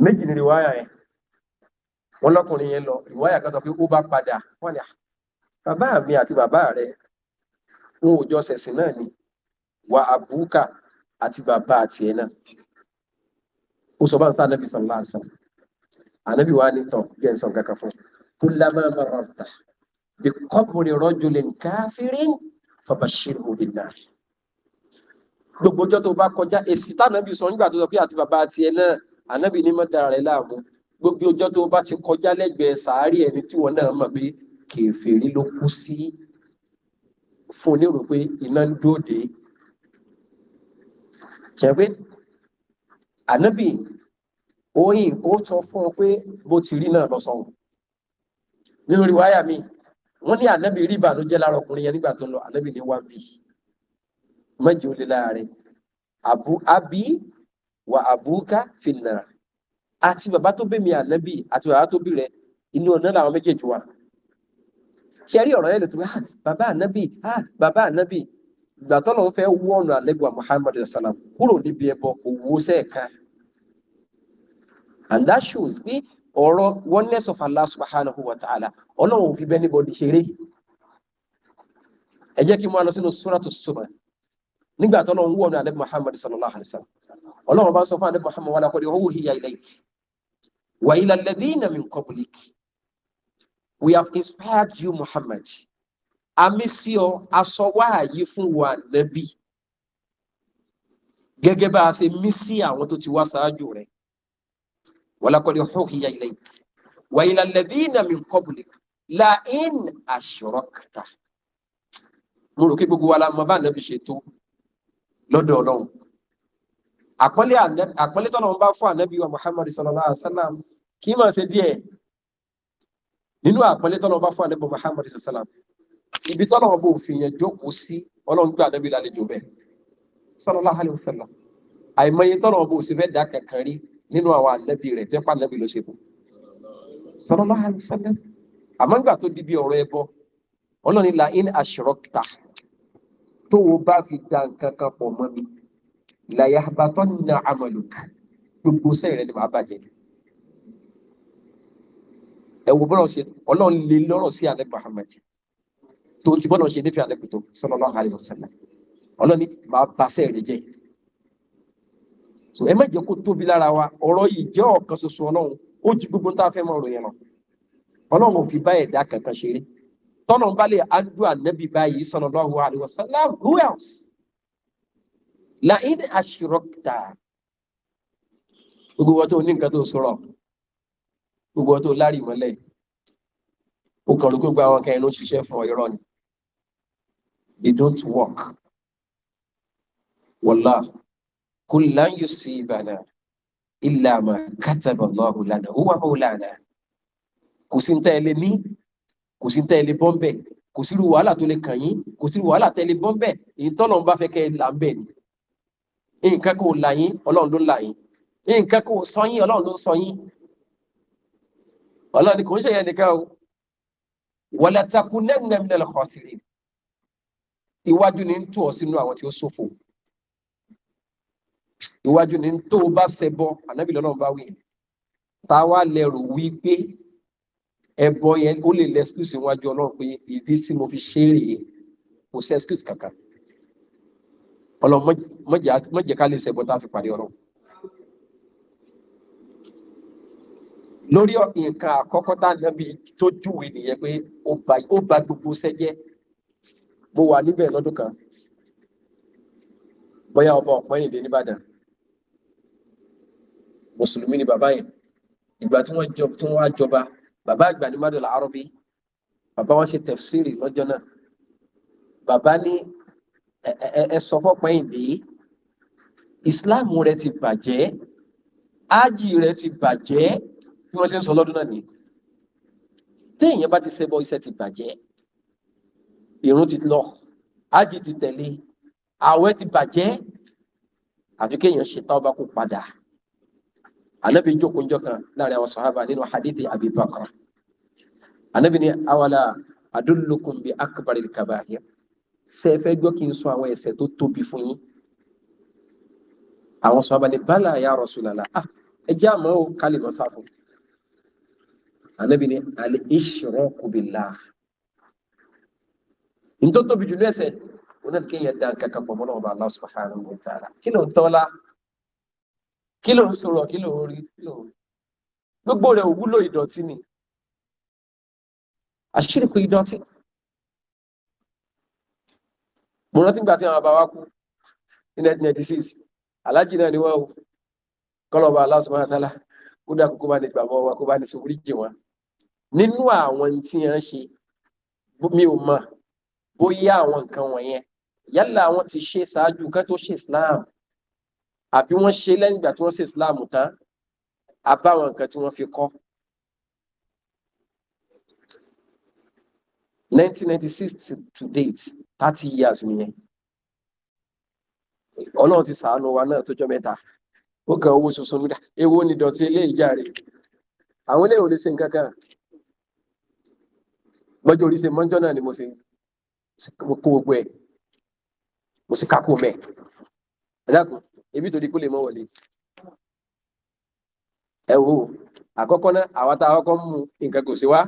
méjì ni rí wáyà yẹn wọn lọkùnrin yẹn lọ ìwáyà kan sọ pé ó bá padà wọn ni bàbá mi àti bàbá rẹ ń òjọ ṣẹ̀sìn náà ni wà àbúkà àti bàbá àti ẹ̀ náà ó sọ bá ń sá anábì sallallahu alaihi anábì wa ní tàn bí ẹ̀ ń sọ nǹkan kan fún kullama mararta bi qabri rajulin kafirin fabashirhu binnar gbogbo ọjọ́ tó bá kọjá èsì tánàbì sọ nígbà tó sọ pé àti bàbá àti náà anábì ní mọ́tà rẹ̀ láàmú gbogbo ọjọ́ tó bá ti kọjá lẹ́gbẹ̀ẹ́ sàárì ẹni tí wọ́n náà mọ̀ pé kèfèrí ló kú sí fún onírò pé iná ń dóde ṣẹ̀pẹ́ ànábì oyin ó sọ fún ọ pé bó ti rí náà lọ sọ̀rọ̀ nínú riwáyà mi wọ́n ní ànábì rí ìbànújẹ́ lára ọkùnrin yẹn nígbà tó ń lọ ànábì ní wá bí mẹ́jọ ó lé lára rẹ̀ àbí wà àbúká fìnnà àti bàbá tó bẹ̀mí ànábì àti bàbá tó bí rẹ̀ inú ọ̀nà làwọn méjèèjì wà ṣe rí ọ̀rọ̀ ẹ̀lẹ́tọ̀ pé bàbá ànábì bàbá ànábì ìgbà tọ́lọ̀ ń fẹ́ wú ọ̀nà àlẹ́gbà Muhammad salam kúrò níbi ẹbọ kò wó sẹ́ẹ̀ka and that shows pé ọ̀rọ̀ oneness of Allah subhanahu wa ta'ala ọlọ́run ò fi bẹ́ẹ̀ níbo ṣeré ẹ jẹ́ kí n máa lọ sínú suratu Zumar nígbà tọ́lọ̀ ń wú ọ̀nà àlẹ́gbà Muhammad sallallahu alaihi wasallam ọlọ́run bá sọ fún àlẹ́gbà Muhammad wala qad uhiya ilayk وَإِلَى الَّذِينَ مِنْ قَبْلِكِ We have inspired you, Muhammad. Àmì sí ọ, aṣọ wáàyí fún wa nẹ́bí. Gẹ́gẹ́ bá a ṣe mí sí àwọn tó ti wá ṣáájú rẹ̀. وَلَقَدْ أُوحِيَ إِلَيْكَ وَإِلَى الَّذِينَ مِنْ قَبْلِكَ لَئِنْ أَشْرَكْتَ Mo rò pé gbogbo wa la mọ bá nẹ́bí ṣe tó lọ́dọ̀ Ọlọ́run àpọ́nlé àpọ́nlé tọ́nà ń bá fún ànábì wa muhammad sallallahu alaihi wasallam kì í máa ṣe díẹ̀ nínú àpọ́nlé tọ́nà ń bá fún ànábì muhammad sallallahu alaihi wasallam ibi tọ́nà ọba òfin yẹn jókòó sí ọlọ́run gbé ànábì lálejò bẹ́ẹ̀ sallallahu alaihi wasallam àìmọye tọ́nà ọba òsì fẹ́ dá kankan rí nínú àwọn ànábì rẹ̀ tẹ́pá ànábì sallallahu alaihi wasallam àmọ́ nígbà tó dibi ọ̀rọ̀ ẹbọ in ashrakta tó o bá fi da làyàbàtọ́ nà amaluk gbogbo sẹ́yìn rẹ ni màá bàjẹ́ ẹ wo bọ́lá ṣe ọlọ́run lè lọ́rọ̀ sí alẹ́ Muhammad tó ti bọ́lá ṣe nífẹ̀ẹ́ alẹ́ pẹ̀tọ́ sallallahu alaihi wasallam ọlọ́run ni màá ba sẹ́yìn rẹ jẹ́ so ẹ má jẹ́ kó tóbi lára wa ọ̀rọ̀ yìí jẹ́ ọ̀kan ṣoṣo ọlọ́run ó ju gbogbo tá a fẹ́ mọ̀ ọ̀rọ̀ lọ ọlọ́run ò fi bá ẹ̀dá kankan ṣeré tọ́nà ń bá lè adúlá nẹ́bí báyìí sallallahu alaihi wasallam who else lain aṣirọ́kìtà gbogbo wọn tó ní nǹkan tó sọ̀rọ̀ gbogbo wọn tó lárí mọ́lẹ̀ ó kàn ló gbogbo àwọn kan ẹnu ṣiṣẹ́ fún irọ́ ni they don't work wọ́lá kò láyò sí ìbànà ilà àmà kátàbà lọ́hùn lánàá ó wà fún lánàá kò sí ń tẹ́ ẹ lé ní kò sí ń tẹ́ ẹ lé bọ́m̀bẹ̀ kò sí irú wàhálà tó lè kàn yín kò sí irú wàhálà tẹ́ bọ́m̀bẹ̀ èyí tọ́lọ̀ ń bá fẹ́ kẹ́ ẹ là ni nǹkan kò là yín ọlọ́run ló là yín nǹkan kò sọ yín ọlọ́run ló sọ yín ọlọ́run ni kò ń ṣe yẹn nìkan o wala takunanna minal khasirin iwájú ni ń tò ọ sínú àwọn tí ó ṣòfò iwájú ni tó o bá ṣẹbọ ànábì lọ́lọ́run bá wí ta wá lẹ́rù ẹbọ yẹn ó lè lẹ́skúùsì wájú ọlọ́run pé ìdí tí mo fi ṣe é rèé kò sẹ́skúùsì kankan ọlọ́run mọ̀jẹ̀ ká lè ṣẹ̀ bọ́tà fi pàdé ọlọ́run. lórí nǹkan àkọ́kọ́ tá nàbí tó júwe nìyẹn pé ó ba gbogbo sẹ́jẹ́ mo wà níbẹ̀ lọ́dún kan bóyá ọba ọ̀pẹ́yìndé nìbàdàn mùsùlùmí ni bàbá yẹn ìgbà tí wọ́n jọ tí wọ́n jọba bàbá àgbà ní mádùlá àrọ́bí bàbá wọn ṣe tẹ̀fsírì lọ́jọ́ náà bàbá ní ẹ sọ fọ́pọ̀ ìdí islam rẹ ti bàjẹ́ ájì rẹ ti bàjẹ́ bí wọ́n ṣe ń sọ lọ́dún náà ni téèyàn bá ti ṣẹbọ iṣẹ́ ti bàjẹ́ ìrun ti lọ ájì ti tẹ̀lé ààwẹ̀ ti bàjẹ́ àfi kéèyàn ṣe táwọn bá kó padà anabi jókòó njọ kan láàrin àwọn sàhábà nínú hadithi Abi Bakr anabi ni awala adullukum bi akbaril kabahir ṣé ẹ fẹ́ gbọ́ kí n sọ àwọn ẹ̀ṣẹ̀ tó tóbi fún yín àwọn sọ abalẹ̀ bala ya Rasulullah ah ẹ jẹ́ àmọ́ ó kálí lọ sáfù ànábì ni al ishraku billah n tó tóbi jù lẹ́ṣẹ̀ wọn náà kéèyàn dá nǹkan kan pọ̀ mọ́ náà Allah subhanahu wa ta'ala kí ló ń tọ́lá kí ló ń sọ̀rọ̀ kí ló ń rí gbogbo rẹ̀ òwúlò ìdọ̀tí ni àṣírí kò ìdọ̀tí mo rántí gbà tí àwọn bàbá wa kú ní 1996 alájì náà ni wọ́n wò kọ́lọ̀bà Allah subhanahu wa ta'ala kó dà kókó bá ní bàbá wa kó bá ní sòwúrí jì wọn nínú àwọn tí wọ́n ṣe mi ò mọ̀ bóyá àwọn nǹkan wọ̀nyẹn yálà àwọn ti ṣe ṣáájú kan tó ṣe Islam àbí wọ́n ṣe lẹ́yìn ìgbà tí wọ́n ṣe Islam tán àbáwọn nǹkan tí wọ́n fi kọ́ 1996 to, to date thirty years nìyẹn ọlọ́run ti sàánú wa náà tọ́jọ́ mẹ́ta ó kan owó sunsun nígbà ewo ni dọ̀tí eléyìí jàre àwọn eléyìí ò lè ṣe nǹkan kan lọ́jọ́ orí ṣe mọ́jọ́ náà ni mo ṣe kó gbogbo ẹ̀ mo sì kákó mẹ́ ẹ̀dàkùn ebi torí kó lè mọ́ wọlé ẹ wo àkọ́kọ́ náà àwa tá a kọ́kọ́ mú nǹkan kò sí wa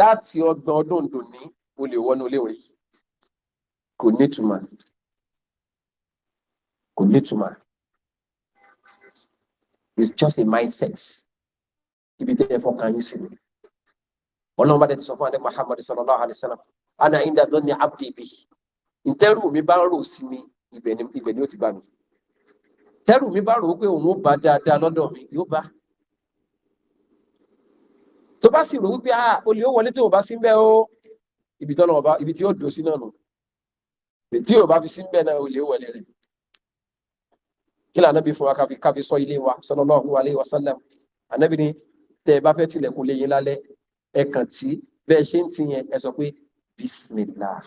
láti ọgbọ̀n ọdún dòní o lè wọnú ilé wọ̀nyí kò nítumọ̀ kò nítumọ̀ it's just a mindset ibi tẹ́ ẹ fọkàn yín sí ni ọlọ́run bá dẹ̀tí sọ fún adé Muhammad sallallahu alayhi wa sallam ana inda dhanni abdi bi ntẹ́rù mi bá rò sí mi ibẹ̀ ni ó ti bá mi tẹ́rù mi bá rò ó pé òun ó bá dáadáa lọ́dọ̀ mi yóò bá tó bá sì rò wípé ah olè ó wọlé tó o bá sí ń o ibi tọ́lọ̀ ọba ibi tí ó dùn sí náà nù tí ò bá fi sí ń bẹ̀ náà ò lè wọlé rẹ̀ kí lànà bí fún wa káfi káfi sọ ilé wa sallallahu alaihi wasallam ànábì ni tẹ́ ẹ bá fẹ́ tilẹ̀kùn lé yín lálẹ́ ẹ tí bẹ́ẹ̀ ṣe ń ti yẹn ẹ sọ pé bismillah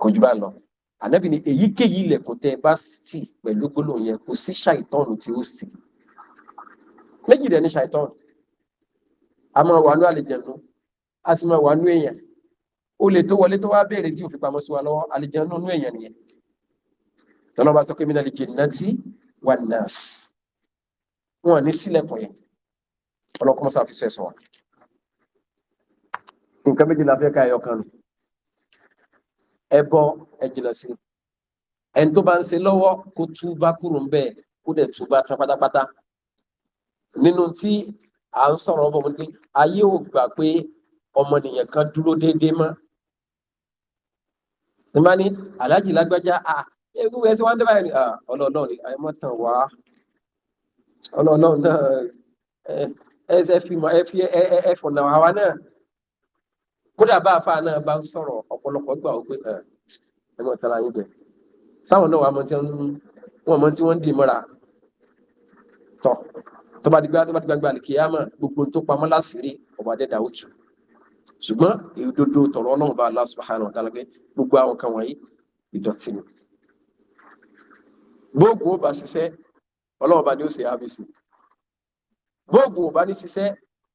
kò jù bá lọ ànábì ni èyíkéyìí ilẹ̀kùn tẹ́ ẹ bá tì pẹ̀lú gbólóhùn yẹn kò sí ṣàìtọ́nù tí ó sì méjì dẹ̀ ní ṣàìtọ́nù a máa wà ní àlejò a sì máa wà nú èèyàn ó lè tó wọlé tó wá béèrè tí ò fi pamọ́ sí wa lọ́wọ́ àlìjánnà nú èèyàn nìyẹn tọ́lọ́ bá sọ pé minal jinnati wan nas wọn ní sílẹ̀kùn yẹn ọlọ́kùnrin sàfisẹ́ sọ wa nǹkan méjì la fẹ́ ká ẹyọ kan nù ẹbọ ẹ jìnnà sí ẹni tó bá ń ṣe lọ́wọ́ kó túbá kúrò ń bẹ̀ kó dẹ̀ túbá tán pátápátá nínú tí à ń sọ̀rọ̀ ọbọ̀ wọn pé ayé ò gbà pé ọmọnìyàn kan dúró déédéé mọ́ ní bá ní aláàjì lágbájá à ewu ẹ sí wọn dábàá ẹni ọlọ́ọ̀lọ́ ni àìmọ́tàn wá ọlọ́ọ̀lọ́ náà ẹ fi ẹ fọ̀nà àwa náà kódà bá àfa náà bá ń sọ̀rọ̀ ọ̀pọ̀lọpọ̀ gbà ó pé ẹmọ tara yín bẹ̀ sáwọn náà wà mọ́ tí wọ́n mọ́ tí wọ́n ń dì mọ́ra tọ̀ tó bá dìgbà tó bá dìgbà gbà kìí àmọ́ gbogbo tó pamọ́ láṣìírí ọ̀bàdẹ́dà ó tù ṣùgbọ́n ìdodo tọ̀rọ̀ náà bá Allah subhanahu wa ta'ala pé gbogbo àwọn kan wọ̀nyí ìdọ̀tí ni gbóògùn ó bá ṣiṣẹ́ ọlọ́run bá ní ó ṣe abc gbóògùn ó bá ní ṣiṣẹ́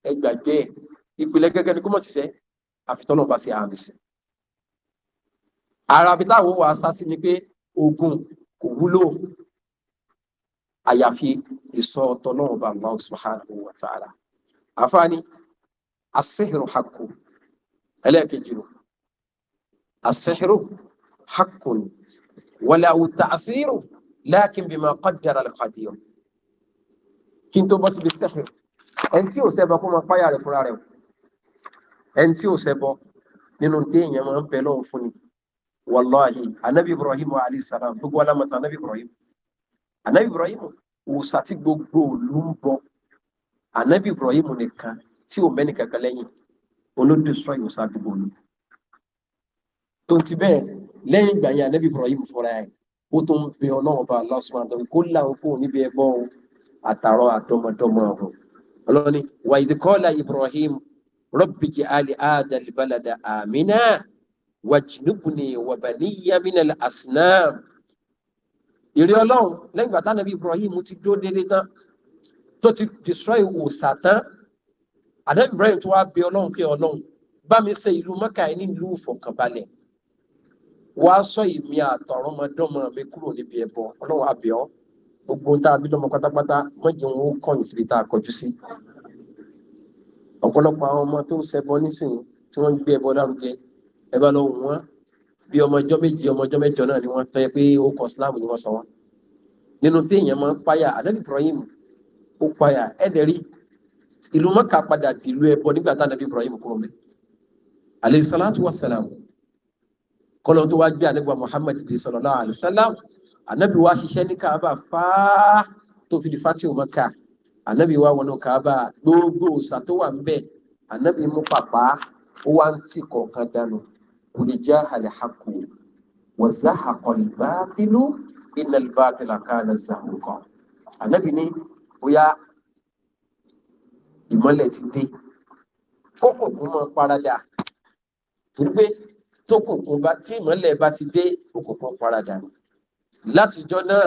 ẹgbàgbé ìpìlẹ̀ gẹ́gẹ́ ni kó mọ̀ ṣiṣẹ́ àfitọ́nà bá ṣe abc ara bí táwọn wà sá sí ni pé ogun kò wúlò àyàfi ìsọ ọ̀tọ̀ náà bá Allah subhanahu wa ta'ala àfáàní asihru hakku ẹlẹ́ẹ̀kejì o àṣẹ̀rò hakùn wọlé àwùtà àṣírò láàkín bímọ kọ́dára lẹ́kọ̀dìyọ kí n tó bọ́ síbi sẹ́hìn ẹni tí ò ṣẹbọ kó máa fáyà rẹ̀ fúnra rẹ̀ ẹni tí ò ṣẹbọ nínú téèyàn máa ń bẹ lọ́wọ́ fún ni wàláhì anabi ibrahim alayhi salam gbogbo alamata anabi ibrahim anabi ibrahim òòṣà tí gbogbo òlú ń bọ anabi ibrahim nìkan tí ò mẹ́nìkankan lẹ́yìn olódò sọ ìwòsàn àdúgbò ni tó ti bẹ́ẹ̀ lẹ́yìn ìgbà yẹn ànábì Ibrahim fúnra ẹ̀ ó tó ń bẹ ọlọ́run bá Allah subhanahu wa ta'ala kó láwọn kó níbi ẹbọ àtàrọ àtọmọdọmọ ọ̀hún ọlọ́ni wa idh qala Ibrahim rabbi j'al hadha al-balada amina wajnubni wa baniya min al-asnam ìrẹ́ ọlọ́run lẹ́yìn ìgbà tánàbí Ibrahim ti dó délé tán tó ti destroy òòsà tán àdàbí Ibrahim tó wá bẹ ọlọ́run pé ọlọ́run bá mi ṣe ìlú Mọ́kà ní ìlú ìfọ̀kànbalẹ̀ wàá sọ ìmí àtọ̀rọ̀mọdọ́mọ mi kúrò níbi ẹ̀bọ ọlọ́run àbẹ̀ ọ́ gbogbo tá a bí lọ́mọ pátápátá mọ́jẹ̀ wọn ó kọ̀yìn síbi tá a kọjú sí ọ̀pọ̀lọpọ̀ àwọn ọmọ tó ń ṣẹbọ nísìnyí tí wọ́n ń gbé ẹbọ lárugẹ ẹ bá lọ wù wọ́n bí ọmọ ọjọ́ méje ọmọ ọjọ́ mẹ́jọ náà ni wọ́n tọ́ yẹ pé ó kọ síláàmù ni wọ́n sọ wọ́n nínú téèyàn máa ń páyà àdẹ́bí ó páyà ẹ̀dẹ̀rí ìlú mọ́kà padà dìlú ẹbọ nígbà tá nàbí Ibrahim kúrò mẹ́ alayhi salatu wa salam kọ́lọ́ tó wá gbé àlẹ́gbà Muhammad bíi sallallahu alayhi salam ànábì wá ṣiṣẹ́ ní Kaaba fáá tó fi di fati mọ́kà ànábì wá wọnú Kaaba gbogbo òòsà tó wà ń bẹ̀ ànábì mú pàpà ó wá ń tì kọ̀ọ̀kan dànù kùdìjà àlẹ́hàkù wàzáhàkọ̀ ìbátìlú ìnàlbátìlà kánà zàhùkọ̀ ànábì ní bóyá ìmọ́lẹ̀ ti dé kókòkò máa paradà torí pé tókòkò bá tí ìmọ́lẹ̀ bá ti dé òkòkò paradà látijọ́ náà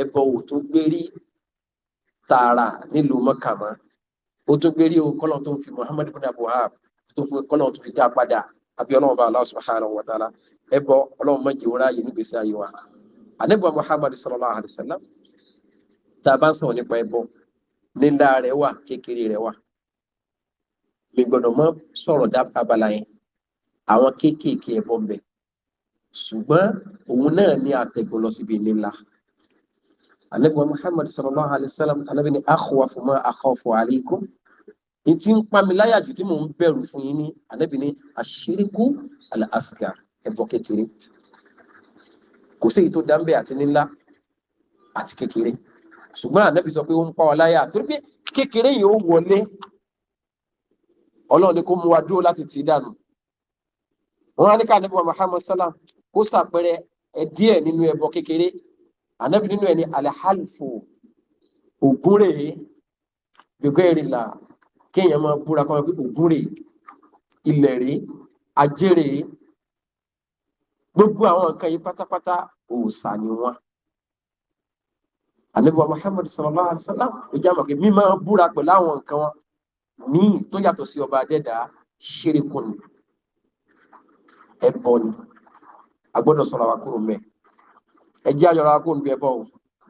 ẹbọ ò tó gbérí tààrà nílùú mọ́kàmá ó tó gbérí o kọ́lọ̀ tó fi Muhammad bin Abdul Wahab tó fi kọ́lọ̀ tó fi dá padà àbí ọlọ́run bá Allah subhanahu wa ta'ala ẹbọ ọlọ́run mọ́jì wọ́n ráyè nígbèsí ayé wa àníbọ̀ Muhammad sallallahu alaihi wasallam tá a bá ń sọ̀rọ̀ nípa ẹbọ nílá rẹ̀ wà kékeré rẹ̀ wà mi gbọ́dọ̀ mọ́ sọ̀rọ̀ dábàá abala yẹn àwọn kéékèèké ẹbọ ń bẹ ṣùgbọ́n òun náà ní àtẹ̀gùn lọ síbi nílá alẹ́gbọ́n Muhammad sallallahu alayhi wa sallam alábẹ́ ni akhwafu ma akhafu alaykum ní tí ń pa mi láyà jù tí mò ń bẹ̀rù fún yín ní alẹ́bẹ́ ni ashiriku al-asghar ẹbọ kékeré kò sí èyí tó dá ń bẹ àti nílá àti kékeré ṣùgbọ́n ànábì sọ pé ó ń pa ọláyà torí pé kékeré yìí ó wọlé ọlọ́run ni kó mú wa dúró láti tì í dànù wọn á ní ká ànábì wa Muhammad salam kó sàpẹrẹ díẹ̀ nínú ẹbọ kékeré ànábì nínú ẹ ní alihalifu ògúnrè gbẹgbẹ ìrìlà kéèyàn máa búra kọ́ pé ògúnrè ilẹ̀ rèé gbogbo àwọn nǹkan yìí pátápátá òòṣà ni wọn àlẹ́bùwà Muhammad sallallahu alaihi wasallam ó jáàmọ̀ pé mímọ́ búra pẹ̀lú àwọn nǹkan wọn míì tó yàtọ̀ sí ọba adẹ́dà ṣerékùn ni ẹbọ ni a sọ̀rọ̀ àwọn akóró mẹ́ ẹ jẹ́ àyọ̀rọ̀ akóró níbi ẹbọ o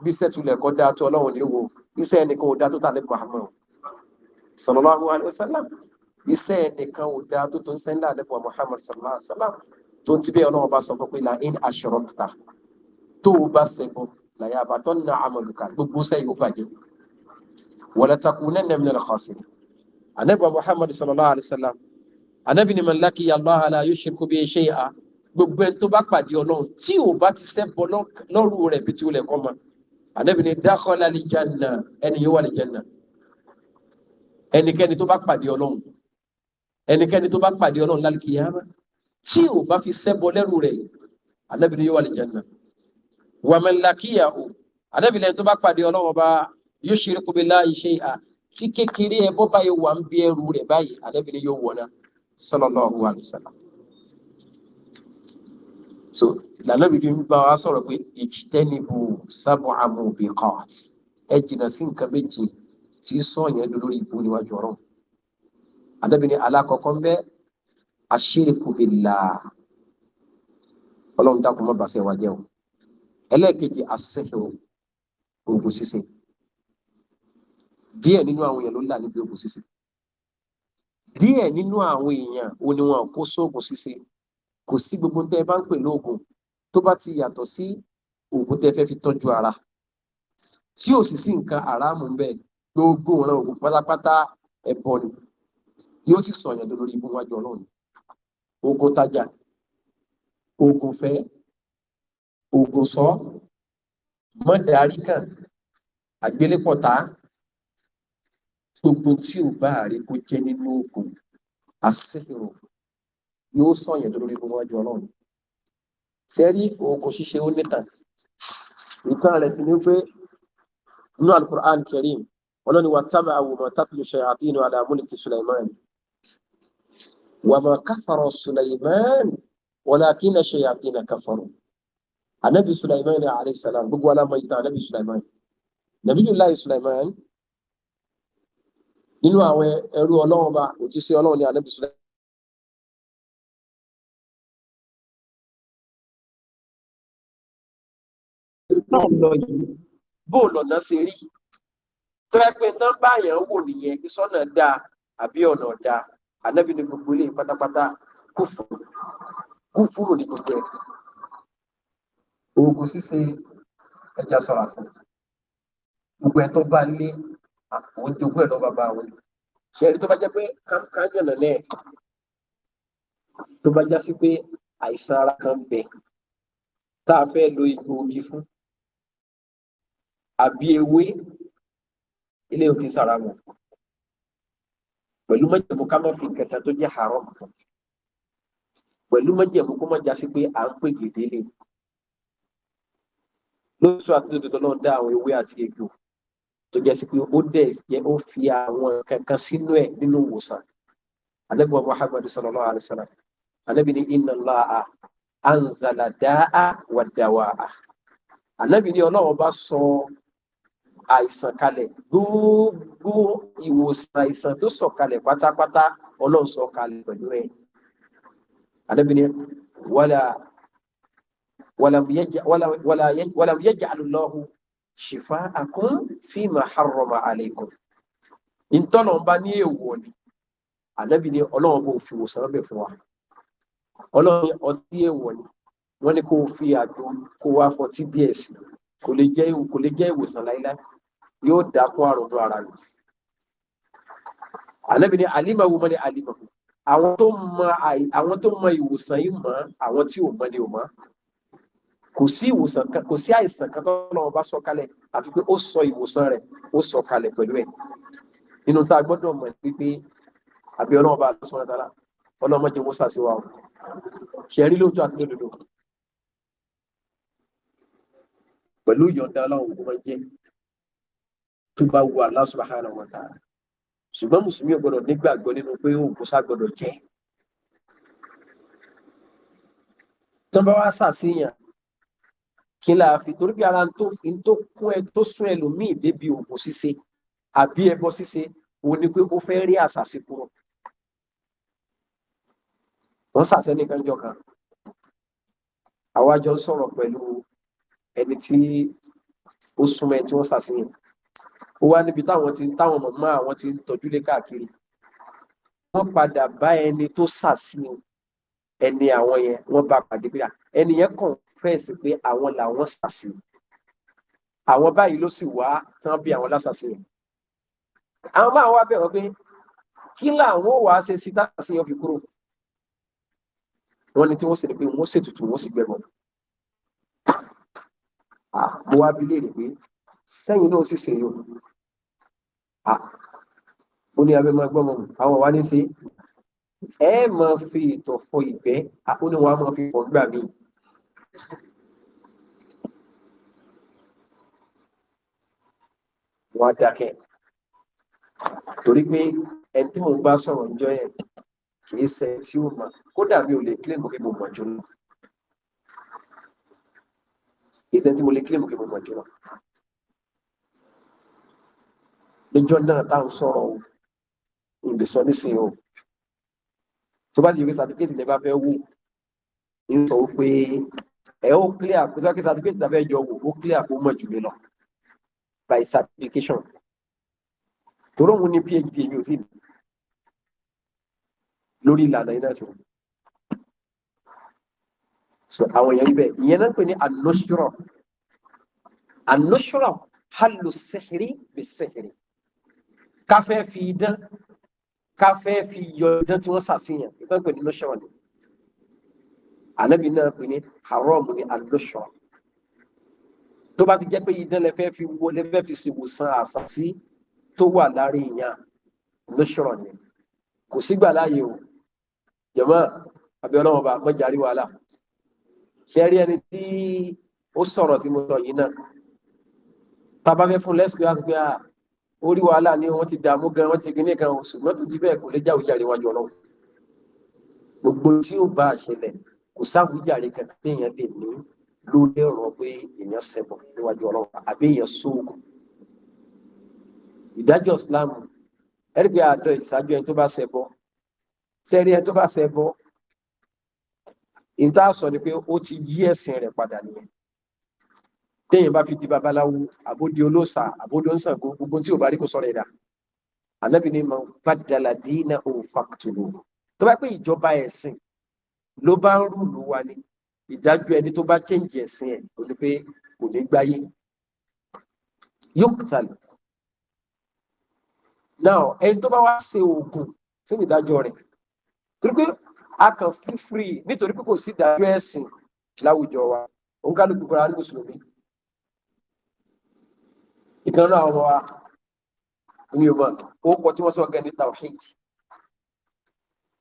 bí sẹ́tulẹ̀ kọ́ dáa tó ọlọ́run ní wo iṣẹ́ ẹnìkan ò dáa tó tà ní Muhammad sallallahu alaihi wasallam iṣẹ́ ẹnìkan ò dáa tó tó ń sẹ́ńdà ní Muhammad sallallahu alaihi wasallam tó ń tibẹ̀ ọlọ́run bá sọ fún pé la in ashrakta làyà àbàtọ́ nà àmọ̀lùkà gbogbo sẹ́yìn ó bàjẹ́ wala takunanna minal khasirin anabi wa muhammad sallallahu alayhi wa sallam anabi ni man laqiya allaha la yushriku bihi shay'a gbogbo ẹni tó bá pàdé ọlọ́run tí ò bá ti sẹ́bọ̀ lọ́rù rẹ̀ bí tí ó lẹ̀ kọ́ ma anabi ni dakhala al-janna ẹni yóò wà ní janna ẹnikẹ́ni tó bá pàdé ọlọ́run ẹnikẹ́ni tó bá pàdé ọlọ́run wàmẹ́lákìyà o àdẹ́bìlẹ̀ tó bá pàdé ọlọ́run ọba yóò ṣe eré kóbi láàyè ṣe à tí kékeré ẹ bọ́ báyìí wà ń bí ẹrù rẹ̀ báyìí àdẹ́bìlẹ̀ yóò wọ̀ náà sallallahu alaihi wasallam. so lànà bíbí ń bá wa sọ̀rọ̀ pé ìjìtẹ́nibù sábọ̀ àmú bí kọ́t ẹ jìnnà sí nǹkan méjì tí sọ̀yìn ẹ̀dùn lórí ìbú níwájú ọ̀rọ̀ àdẹ́bìlẹ̀ alákọ̀ọ́kọ́ bẹ́ ọlọ́run dákun má bàṣẹ wa jẹ́ o ẹlẹ́ẹ̀kejì àṣẹ̀hìrò oògùn sísìn díẹ̀ nínú àwọn èèyàn ló là níbi oògùn sísìn díẹ̀ nínú àwọn èèyàn ò ní wọn kó sóògùn sísìn kò sí gbogbo tẹ́ ẹ bá ń pè lóògùn tó bá ti yàtọ̀ sí oògùn tẹ́ fẹ́ fi tọ́jú ara tí ò sì sí nǹkan àràmù ń bẹ gbogbo ọ̀ràn oògùn pátápátá ẹ̀bọ ni yóò sì sọ̀yàn lórí ibùn ọlọ́run oògùn tajà oògùn fẹ́ẹ́ ògùn sọ mọ́dàrí kan àgbélépọ̀tá gbogbo tí ò bá rí kó jẹ́ nínú ògùn àṣehìrò yóò sọ̀yàn lórí gbogbo ọjọ́ ọlọ́run ṣe rí ògùn ṣíṣe ó nítàn ìtàn rẹ̀ sì ni pé inú alukur'an karim ọlọ́ni wa tábà àwòmọ̀ tátìlù ṣe àdínú alámúlìkì suleiman wàmà káfàrọ̀ suleiman wàlákínà ṣe àdínà káfàrọ̀ anabi sulaiman alayhi salam gbogbo alamọ yìí tán anabi sulaiman nabiyullahi sulaiman nínú àwọn ẹrú ọlọ́run bá òjíṣẹ́ ọlọ́run ní anabi sulaiman. tó ń lọ yìí bó lọ́nà ṣe rí tó yẹ pé tán báyẹn wò nìyẹn kí sọ́nà dáa àbí ọ̀nà ọ̀dà anabi ní gbogbo ilé pátápátá kúfùrù kúfùrù ní gbogbo ẹ̀ oògùn ṣíṣe ẹja sọ̀rọ̀ àfọ̀ gbogbo ẹ̀ tó bá lé àwọn jogún ẹ̀ tó bá bá wọn ṣẹ́ẹ̀rí tó bá jẹ́ pé kájọ̀nà náà tó bá já sí pé àìsàn ara kan bẹ̀ tá a fẹ́ lo ipò omi fún àbí ewé ilé òkè sára mọ̀ pẹ̀lú mọ́jẹ̀mú ká má fi kẹta tó jẹ́ àárọ̀ pẹ̀lú mọ́jẹ̀mú kó má já pé à ń pè gèdè lè mú. lóṣù àti náà dá àwọn ewé àti ego. tó jẹ́ sí pé ó dẹ̀ jẹ́ ó fi àwọn kankan sínú ẹ̀ nínú ìwòsàn alẹ́bí wa sallallahu alayhi wa sallam ni inna Allaha anzala dáa wà dáwàá alẹ́bí ni bá sọ àìsàn kalẹ̀ gbogbo ìwòsàn àìsàn tó sọ kalẹ̀ pátápátá sọ kalẹ̀ pẹ̀lú ẹ̀ ni wàlàm yẹ jàlù lọ́hùn ṣìfà àkún fíìmà harrama alaykum ìtọ́nà bá ní èèwọ̀ ni ànábì ni ọlọ́run bó fi wòsàn bẹ̀ fún wa ọlọ́run ọtí èèwọ̀ ni wọ́n ní kó fi àgbo kó wá fọtí díẹ̀ sí kò lè jẹ́ kò lè jẹ́ ìwòsàn láíláí yóò dákún àrùn ara rẹ̀ ànábì ni alimawo mọ́ ni alimawo àwọn tó mọ àwọn tó mọ ìwòsàn yìí mọ́ àwọn tí ò mọ ni ò mọ́ kò sí ìwòsàn kan kò sí àìsàn kan tọ́lọ́ ọba sọ kalẹ̀ àfi pé ó sọ ìwòsàn rẹ̀ ó sọ kalẹ̀ pẹ̀lú ẹ̀ nínú tá a gbọ́dọ̀ mọ̀ ní pé àbí ọlọ́ọba àtúnṣe tara ọlọ́mọdé wọ́n sàṣìwà o ṣẹ̀rí lóòótọ́ àti lódodo pẹ̀lú ìyọ̀ǹda ọlọ́run kò máa jẹ́ tó bá wu Allah subhanahu wa ta'ala ṣùgbọ́n mùsùlùmí ò gbọ́dọ̀ nígbàgbọ́ nínú pé òògùn sá gbọ́dọ̀ jẹ́ tó bá wá sàṣìyàn kí la fi torí pé ara tó tó kún ẹ tó sún ẹlòmíì débi òkú ṣíṣe àbí ẹbọ ṣíṣe òun ni pé ó fẹ́ rí àṣàṣe kúrò wọ́n ṣàṣẹ nìkan jọ kan àwa jọ sọ̀rọ̀ pẹ̀lú ẹni tí ó súnmọ́ ẹni tí wọ́n ṣàṣeyàn ó wá níbi táwọn ti táwọn màmá àwọn ti ń tọ́jú lé káàkiri wọ́n padà bá ẹni tó ṣàṣeyàn ẹni àwọn yẹn wọ́n bá pàdé pé ẹni yẹn kàn express pé àwọn làwọn sàṣì àwọn báyìí ló sì wá tán bí àwọn lásàṣì àwọn máa wá bẹ̀rọ pé kí làwọn ò wá ṣe sí tásì yẹn fi kúrò wọn ni tí wọn sì ní pé wọn ṣètùtù wọn sì gbẹbọ mo wá bi léèrè pé sẹ́yìn náà sì ṣe yòó ó ní abẹ́ máa gbọ́mọ̀ àwọn wa ní sí ẹ máa fi ìtọ̀ ìgbẹ́ ó ní wọn á máa fi fọ gbà míì wọ́n á dákẹ́ torí pé ẹni tí mo bá sọ̀rọ̀ níjọ́ yẹn kì í ṣe tí ó mọ̀ kódà mi ò lè claim pé mo mọ̀ jù lọ kì í ṣe tí mo lè claim pé mo mọ̀ jù lọ níjọ́ náà tá à ń sọ̀rọ̀ o n lè sọ nísìnyí o tó bá ti rí certificate lè bá fẹ́ wò ń sọ pé ẹ ó clear kò sọ pé certificate tàbí ẹjọ wò ó clear kó mọ̀ jù mí lọ by certification torí òun ní phd mi ò sí ní lórí ìlànà iná so àwọn èèyàn bẹ ìyẹn náà pè ní anoshura anoshura halu sehiri bi sehiri káfẹ́ fi idán káfẹ́ fi yọ idán tí wọ́n sàṣeyàn ìpínpẹ̀ ní noshura ni ànábì náà pè ní haram ní alóṣọ tó bá ti jẹ́ pé idán lẹ fẹ́ fi wo lẹ fẹ́ fi ṣèwòsàn àṣàṣì tó wà lára èèyàn lóṣọ̀rọ̀ ni kò sígbà láàyè o jọ̀mọ́ àbí ọlọ́run ọba mọ́jàrí wàhálà ṣe rí ẹni tí ó sọ̀rọ̀ tí mo sọ yìí náà tàbá fẹ́ fún lẹ́sùkú láti pé orí wàhálà ni wọ́n ti dààmú gan wọ́n ti gíní kan ṣùgbọ́n tó ti bẹ́ẹ̀ kò lè jáwèé jáde wájú ọlọ́run gbogbo tí ó bá ṣẹlẹ̀ kò sáwùjáre kankan téèyàn lè ní lórí ọ̀rọ̀ pé èèyàn ṣẹbọ níwájú ọlọ́run àbí èèyàn sóògùn ìdájọ́ islam ẹ̀rí pé àdọ́ ìṣáájú ẹni tó bá ṣẹbọ sẹ́rí ẹni tó bá ṣẹbọ ìta sọ ni pé ó ti yí ẹ̀sìn rẹ̀ padà nìyẹn téèyàn bá fi di babaláwo àbódi olóòṣà àbódi oníṣàngó gbogbo tí ò bá rí kò sọ̀rọ̀ ẹ̀dá ànábì ni mo bá dàlàdí náà ò fàkùtù lò tó bá pé ìjọba ẹ̀sìn ló bá ń rúùlù wa ni ìdájọ́ ẹni tó bá change ẹ̀sìn ẹ̀ ò ní pé kò ní gbáyé yóò tà lù. now ẹni tó bá wá ṣe oògùn fún ìdájọ́ rẹ̀ torí pé a kàn fún free nítorí pé kò sí ìdájọ́ ẹ̀sìn láwùjọ wa òun ká ló gbogbo ara ní mùsùlùmí. ìkan náà àwọn ọmọ wa mi ò mọ̀ ó kọ tí wọ́n sọ gan ni tawhid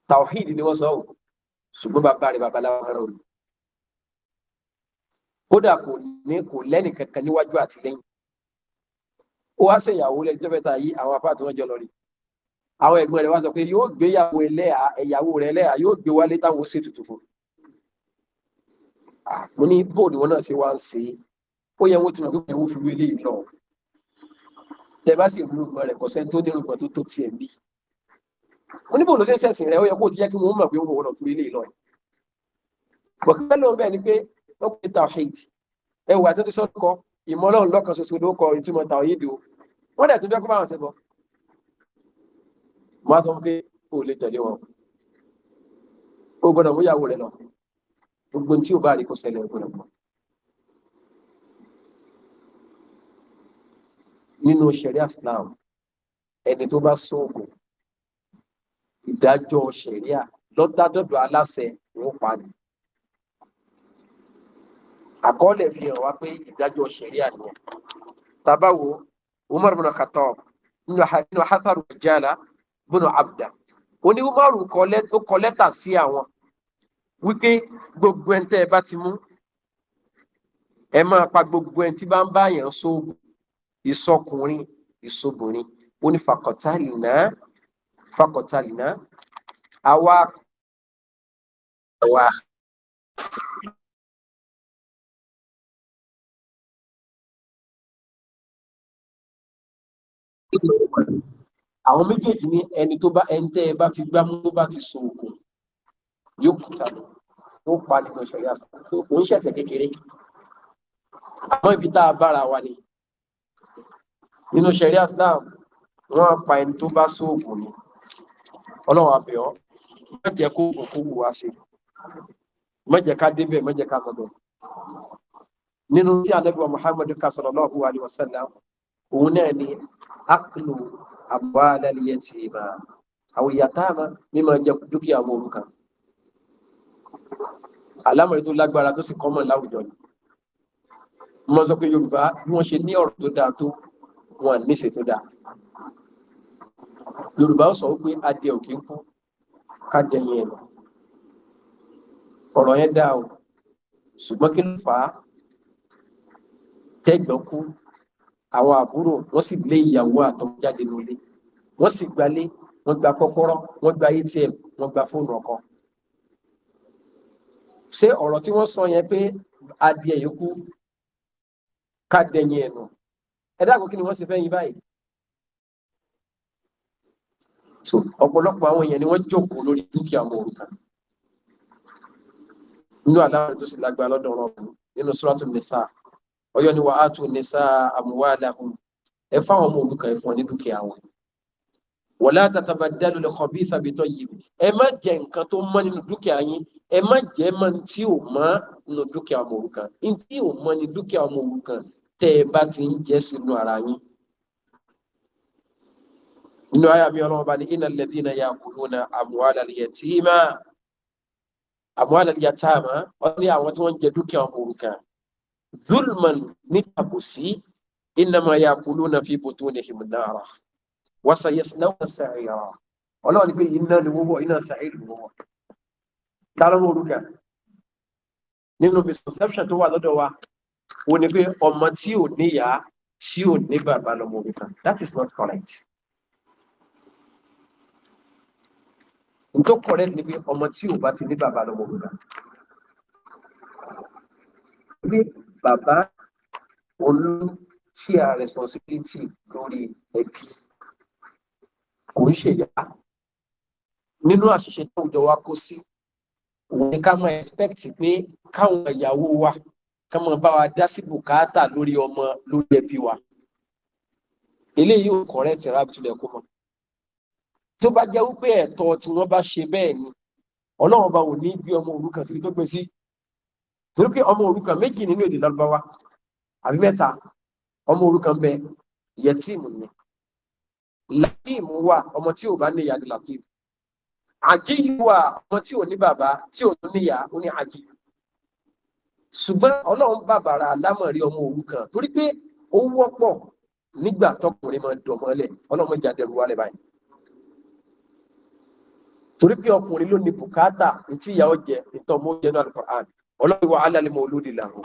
tawhid ni wọ́n sọ ọ́ ṣùgbọ́n bàbá rẹ̀ babaláwo rán olù kódà kò ní kò lẹ́nì kankan níwájú àti lẹ́yìn ó wá ṣèyàwó lẹ́jọ́ mẹ́ta yìí àwọn afá tí wọ́n jọ lọ rí àwọn ẹ̀gbọ́n rẹ̀ wá sọ pé yóò gbé ìyàwó ẹlẹ́yà ẹ̀yàwó rẹ̀ ẹlẹ́yà yóò gbé wálé táwọn ó ṣètùtù fún mo ní bóòdù wọn náà ṣe wá ń ṣe ó yẹ wọn ti mọ̀ pé kò fi wí lé ìlọ tẹ bá sì rúgbọn rẹ̀ kọsẹ tó nírúgbọn tó tó tiẹ̀ bíi mo níbo ló ṣe ń ṣẹ̀sìn rẹ̀ ó yẹ kó o ti yẹ kí wọ́n mọ̀ pé wọ́n lọ fún ilé ìlọ yìí bọ̀kẹ́ lóun bẹ́ẹ̀ ni pé wọ́n pe tawhid ẹ wà tó ti sọ kọ ìmọ̀ ọlọ́run lọ́kan ṣoṣo ló kọ ìtumọ̀ tawhid o wọ́n dẹ̀ tó fẹ́ kó báwọn ṣẹbọ mo á sọ pé o lè tẹ̀lé wọn o gbọ́dọ̀ mú ìyàwó rẹ lọ gbogbo tí o bá rí kó ṣẹlẹ̀ o gbọ́dọ̀ mọ́ nínú sharia Islam ẹni tó bá sóògùn ìdájọ́ ṣẹ̀ríà lọ́dádọ́dọ̀ aláṣẹ wọn pa ni. àkọọ́lẹ̀ fi hàn wá pé ìdájọ́ ṣẹ̀ríà ni. tabawo umar bin khattab nínú hasaru jala bin abda ó ní umar kọ lẹ́tà sí àwọn wípé gbogbo ẹni tẹ́ ẹ bá ti mú ẹ máa pa gbogbo ẹni tí bá ń bá yẹn sóògùn ìsọkùnrin ìsobìnrin ó ní fakọtàlínà àwa awa àwọn méjèèjì ní ẹni tó bá ẹni tẹ́ ẹ bá fi gbá mú tó bá ti so òkun yóò kúta lọ yóò pa nínú ìṣẹ̀lẹ̀ àṣà kò ń ṣẹ̀ṣẹ̀ kékeré àmọ́ ibi tá a bára wa ni nínú ìṣẹ̀lẹ̀ àṣà wọ́n pa ẹni tó bá so òkun ni ọlọ́run àbẹ̀ ọ́ má jẹ́ kó wù kó wù wá sí má jẹ́ ká débẹ̀ má jẹ́ ká gbọdọ̀ nínú tí ànábì wa muhammadu ká sallallahu alaihi wasallam òun náà ni aklu amwal al-yatima àwọn yatama mímọ jẹ dúkìá àwọn òrukàn alámọ̀rí tó lágbára tó sì kọ́mọ̀ láwùjọ ni mo sọ pé yorùbá bí wọ́n ṣe ní ọ̀rọ̀ tó dáa tó wọn ní yorùbá sọ wípé adìẹ ò kí ń kú kádẹyìn ẹ̀ lọ ọ̀rọ̀ yẹn dá o ṣùgbọ́n kí ló fà á tẹ́gbọ́n kú àwọn àbúrò wọ́n sì lé ìyàwó àtọmọ jáde lólé wọ́n sì gbalé wọ́n gba kọ́kọ́rọ́ wọ́n gba atm wọ́n gba fóònù ọkọ ṣé ọ̀rọ̀ tí wọ́n sọ yẹn pé adìẹ yìí kú ká dẹ̀yìn ẹnu ẹ dákun kí ni wọ́n sì fẹ́ yín báyìí so ọ̀pọ̀lọpọ̀ àwọn èèyàn ni wọ́n jókòó lórí dúkìá ọmọ òrukàn nínú aláwọ̀ tó sì lágbára lọ́dọ̀ ọ̀rọ̀ nínú sọ́ràtù nìsà ọyọ́ ni wàá tún nìsà amwalahum ẹ fáwọn ọmọ òrukàn ẹ̀fọn ní dúkìá wọn wala tatabaddalu al-khabitha bit-tayyib ẹ má jẹ nǹkan tó mọ́ nínú dúkìá yín ẹ má jẹ mọ́ ní tí ò mọ́ nínú dúkìá ọmọ òrukàn ní tí ò mọ́ ní dúkìá ọmọ òrukàn tẹ́ ẹ bá ti ń jẹ sínú ara yín nínú àyà mi ọlọ́run bá ní innal ladhina ya'kuluna amwalal yatima amwalal yatama wọ́n ní àwọn tí wọ́n ń jẹ dúkìá ọmọ òrukàn zulman ní tàbùsí innama ya'kuluna fi butunihim nara wa sayaslawna sa'ira ọlọ́run ní pé iná ni wọ́n wọ̀ iná sàírì wọ́n wọ̀ tààrà òrukàn nínú misconception tó wà lọ́dọ̀ wa wọ́n ní pé ọmọ tí ò níyà tí ò ní bàbá lọ́mọ òrukàn that is not correct. tó kọ̀rẹ́ ni pé ọmọ tí ò bá ti ní bàbá lọ́mọ òrùka pé bàbá olú share responsibility lórí ẹbí kò ń ṣèyá nínú àṣìṣe táwùjọ wa kó sí òun ni ká máa expect pé káwọn ìyàwó wa ká máa bá wa dá sí bùkátà lórí ọmọ lórí ẹbí wa eléyìí ò correct rábìtúlẹ̀ kó mọ́ tó bá jẹ́ wípé ẹ̀tọ́ tí wọ́n bá ṣe bẹ́ẹ̀ ni ọlọ́run bá wò ní bí ọmọ òrukàn síbi tó gbé sí torí pé ọmọ òrukàn méjì nínú èdè lárúbáwá àbí mẹ́ta ọmọ òrukàn bẹ yẹtíìmù ni látìmù wà ọmọ tí ò bá níyà ni látìmù àjíyù wà ọmọ tí ò ní bàbá tí ò níyà ó ní àjíyù ṣùgbọ́n ọlọ́run bàbàrà alámọ̀rí ọmọ òrukàn torí pé ó wọ́pọ̀ nígbà tọkùnrin máa dọ̀mọ́lẹ̀ ọlọ́run jáde ẹrù wálẹ̀ báyìí torí pé ọkùnrin ló ní bùkátà tí ìyàwó jẹ ìtọ́mọ jẹ náà al ọlọ́run wa ala al-mawludi lahu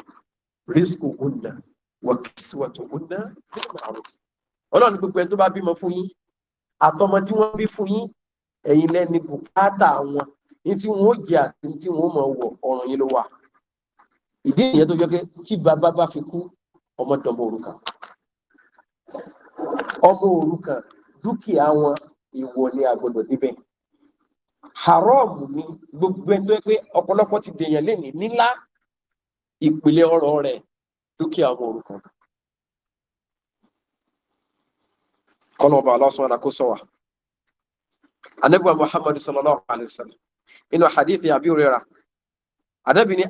rizquhunna wa kiswatuhunna bil ma'ruf ọlọ́run gbogbo ẹni tó bá bímọ fún yín àtọmọ tí wọ́n bí fún yín ẹ̀yin lẹ́ni bùkátà wọn ní tí wọ́n jẹ àti tí wọ́n mọ̀ wọ̀ ọ̀ràn yín ló wà ìdí ìyẹn tó jẹ́ pé kí bàbá bá fi kú ọmọ dọ̀mọ òrukàn ọmọ òrukàn dúkìá wọn ìwọ ni àgbọ̀dọ̀ débẹ̀ haram ni gbogbo ẹni tó yẹ pé ti dèèyàn nílá ìpìlẹ̀ rẹ̀ dúkìá ọmọ kọ́nà ọba aláṣọ sọ wa muhammadu sallallahu alayhi wa sallam inú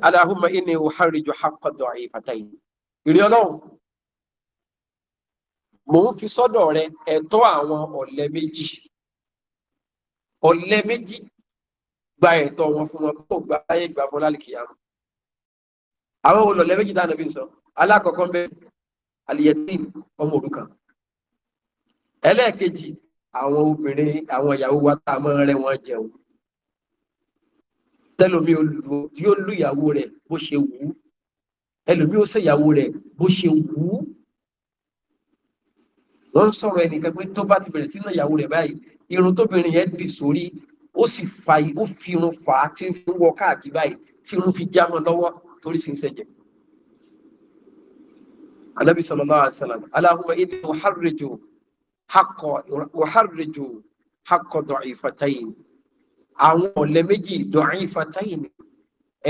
alahuma ọlọ́run mò ń fi sọ́dọ̀ rẹ ẹ̀tọ́ àwọn ọ̀lẹ méjì gba ẹ̀tọ́ wọn fún wọn kó gba ayé gba fún lálìkìyà wọn àwọn olọ̀lẹ méjì dáná bí n sọ alákọ̀ọ́kọ́ bẹ àlìyẹtì ọmọ òrukàn ẹlẹ́ẹ̀kejì àwọn obìnrin àwọn ìyàwó wa tá a máa rẹ́ wọn jẹun tẹlomi yóò lu ìyàwó rẹ̀ bó ṣe wù ú ẹlòmí ó ṣèyàwó rẹ̀ bó ṣe wù ú wọn sọ̀rọ̀ ẹnìkan pé tó bá ti bẹ̀rẹ̀ sínú ìyàwó rẹ̀ báyìí irun tóbìnrin yẹn dì sórí ó sì fa ó fi irun fà á tí ń fi wọ káàkiri báyìí tí irun fi já mọ́ torí sì ń ṣẹ̀jẹ̀. anabi sallallahu alaihi wasallam allahumma inni uharriju haqqo uharriju haqqo du'ifatayn àwọn ọ̀lẹ méjì du'ifatayn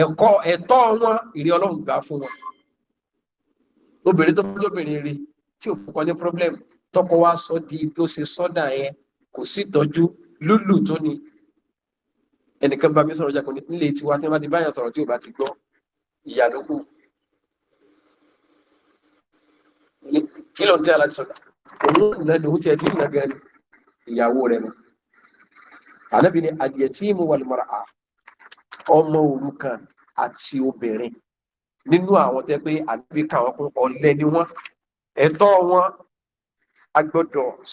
ẹ̀kọ́ ẹ̀tọ́ wọn ìrí ọlọ́run gbà fún wọn obìnrin tó bá lóbìnrin rí tí ò fún kan ní pọ́blẹ́mù tọkọ wa sọ di bí ó ṣe sọ́dà yẹn kò sí ìtọ́jú lúlù tó ni ẹnìkan bá mi sọ̀rọ̀ jákòó nílé tiwa tí wọ́n bá ti báyàn sọ̀rọ̀ tí ò bá ti gbọ́ ìyà ló kù kí ló ń a aláti sọ̀rọ̀ òun náà ni òun tiẹ̀ tí ìnà gan ìyàwó rẹ̀ ni àlẹ́bí ni adìyẹ tí mo wà lùmọ̀rà à ọmọ òrukàn àti obìnrin nínú àwọn tẹ́ pé àlẹ́bí káwọn kún ọ̀lẹ ni wọ́n ẹ̀tọ́ wọn a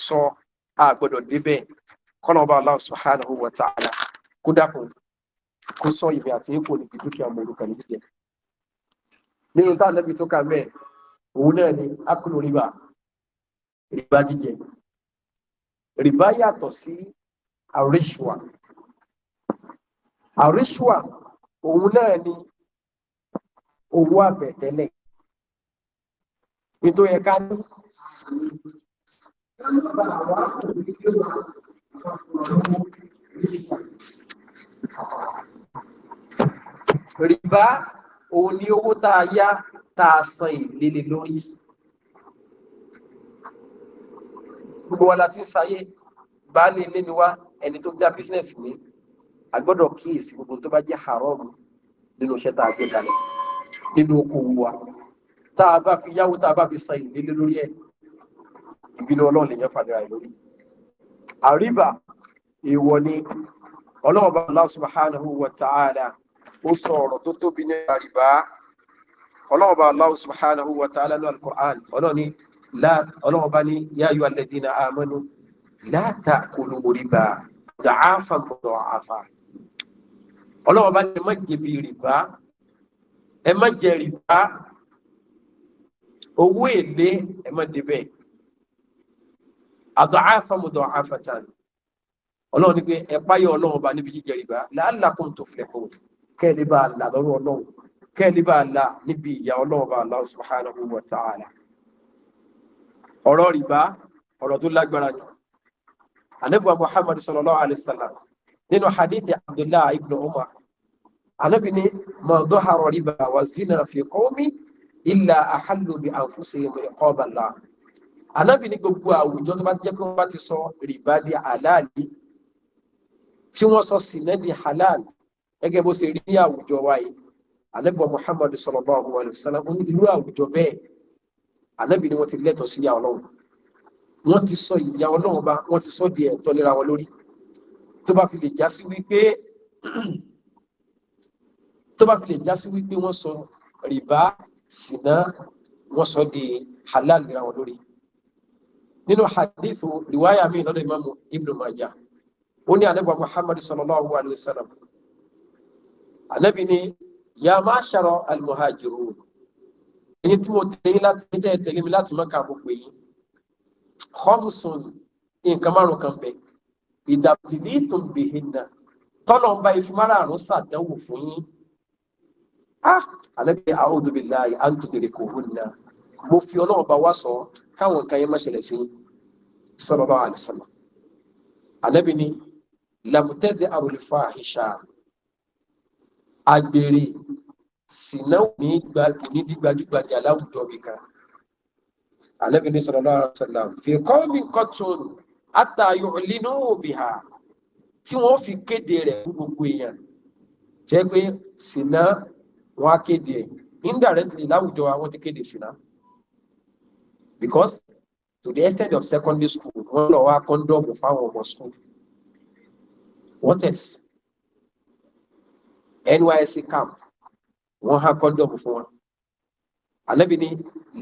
sọ a gbọ́dọ̀ débẹ̀ kọ́nà ọba Allah subhanahu wa ta'ala kó dákun kó sọ ìwé àti ipò níbi dúkìá ọmọ olùkọ́ ní jíjẹ. nínú tá ànábì tó kà mẹ́ẹ̀ òun náà ni akulu riba riba jíjẹ riba yàtọ̀ sí àríṣùà àríṣùà òun náà ni owó àbẹ̀tẹ́lẹ̀ nítorí ẹ̀ka ní ká má bàa wá òbí tí ó wà àwọn ọmọ nípa. Rìbá òun ni owó tá a yá tá a san ìlélẹ̀ lórí. Gbogbo wa la ti ń sayé, baálé ilé mi wá ẹni tó dá bísínẹ̀sì mi, a kíyèsí gbogbo tó bá jẹ́ haram nínú iṣẹ́ tá gbé kalẹ̀ nínú okòwò wa. Tá bá fi yáwó tá bá fi san ìlélẹ̀ lórí ẹ̀ ìbínú ọlọ́run lè yẹn fàdúrà lórí àríbà èèwọ̀ ni ọlọ́run bá Allah subhanahu wa ta'ala ó sọ ọ̀rọ̀ tó tóbi ní àríbà ọlọ́run bá Allah subhanahu wa ta'ala ní al-Qur'an ọlọ́run bá ní ya ayyuhal ladhina amanu la ta'kulu riba dàáfà gbọ́dọ̀ àfà ọlọ́run bá ní ẹ má jẹ̀bi rìbá ẹ má jẹ rìbá owó èlé ẹ má débẹ̀ ad'afa mud'afatan ọlọ́run ní pé ẹ páyọ ọlọ́run bá níbi jíjẹ rìbá la'allakum tuflihun kẹ́ẹ̀lì bá là lọ́rọ̀ ọlọ́run kẹ́ẹ̀lì bá là níbi ìyà ọlọ́run bá Allah subhanahu wa ta'ala ọ̀rọ̀ rìbá ọ̀rọ̀ tó lágbára ni anabuwa muhammad sallallahu anábì ní gbogbo àwùjọ tó bá jẹ́ pé wọ́n bá ti sọ rìbá di àláàlì tí wọ́n sọ sìnà di halal gẹ́gẹ́ bó ṣe rí ní àwùjọ wa yìí anábì muhammadu sallallahu alayhi wa sallam ìlú àwùjọ bẹ́ẹ̀ anábì ni wọ́n ti lẹ́tọ̀ọ́ sí ìyá ọlọ́run wọ́n ti sọ ìyá ọlọ́run bá wọ́n ti sọ di ẹ̀tọ́ lera wọn lórí tó bá fi lè já sí wípé *clears throat* tó bá fi lè já sí wípé wọ́n sọ rìbá sìnà wọ́n sọ di halal lera wọn lórí nínú hadithu riwaya mi lọ́dọ̀ imam ibn majah ó ní anabi muhammad sallallahu alayhi wa sallam anabi ni ya ma'shara almuhajirun èyí tí mo tẹ̀lé láti jẹ́ tẹ̀lé mi láti mọ́ka àbò pé yín khamsun nǹkan márùn kan bẹ̀ ìdàbùdìlì tó ń bè hìn náà tọ́nà ń bá ifi márààrún sàdánwò fún yín ah alẹ́bí a'udhu billahi an tudrikuhunna mo fi ọlọ́run bá wá sọ káwọn nǹkan yẹn má ṣẹlẹ̀ sí yín sallallahu alaihi wasallam ànábì ni lamutẹ́dẹ́ àròlẹ́fà àhìṣà agbèrè sìnà òní gbajúgbajà láwùjọ bí kan ànábì ni sallallahu alaihi wasallam fi qawmin qatun hatta yu'linuhu biha tí wọ́n fi kéde rẹ̀ fún gbogbo èèyàn jẹ́ pé sìnà wọn á indirectly láwùjọ wa wọ́n ti kéde sìnà because to the extent of secondary school wọ́n lọ wá kọ́ńdọ́ọ̀mù fáwọn ọmọ school what else NYSC camp wọ́n há kọ́ńdọ́ọ̀mù fún wọn anabi ni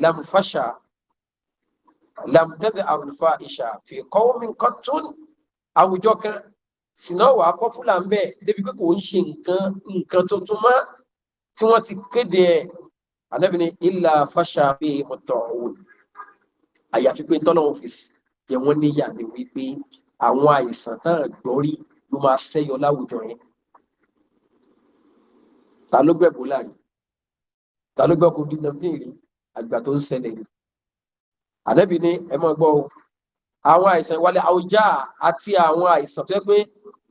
lamfasha lamdade arufa isha fi kọ́wọ́mí kọ́tún àwùjọ kan sìnà wà á kọ́ fúlà ń bẹ̀ débi pé kò ń ṣe nǹkan nǹkan tuntun mọ́ tí wọ́n ti kéde ẹ̀ anabi ni ilà fasha fi mọ̀tọ̀ òun àyàfi pé tọ́lọ́run fi jẹ wọ́n níyà ni wípé àwọn àìsàn tán gbọ́rí ló máa ṣẹ́yọ láwùjọ yẹn ta ló gbẹ̀bọ̀ láàrin ta ló gbọ́ covid nineteen rí àgbà tó ń ṣẹlẹ̀ rí àdẹ́bí ni ẹ mọ̀ gbọ́ o àwọn àìsàn ìwálẹ̀ àwùjá àti àwọn àìsàn tó yẹ pé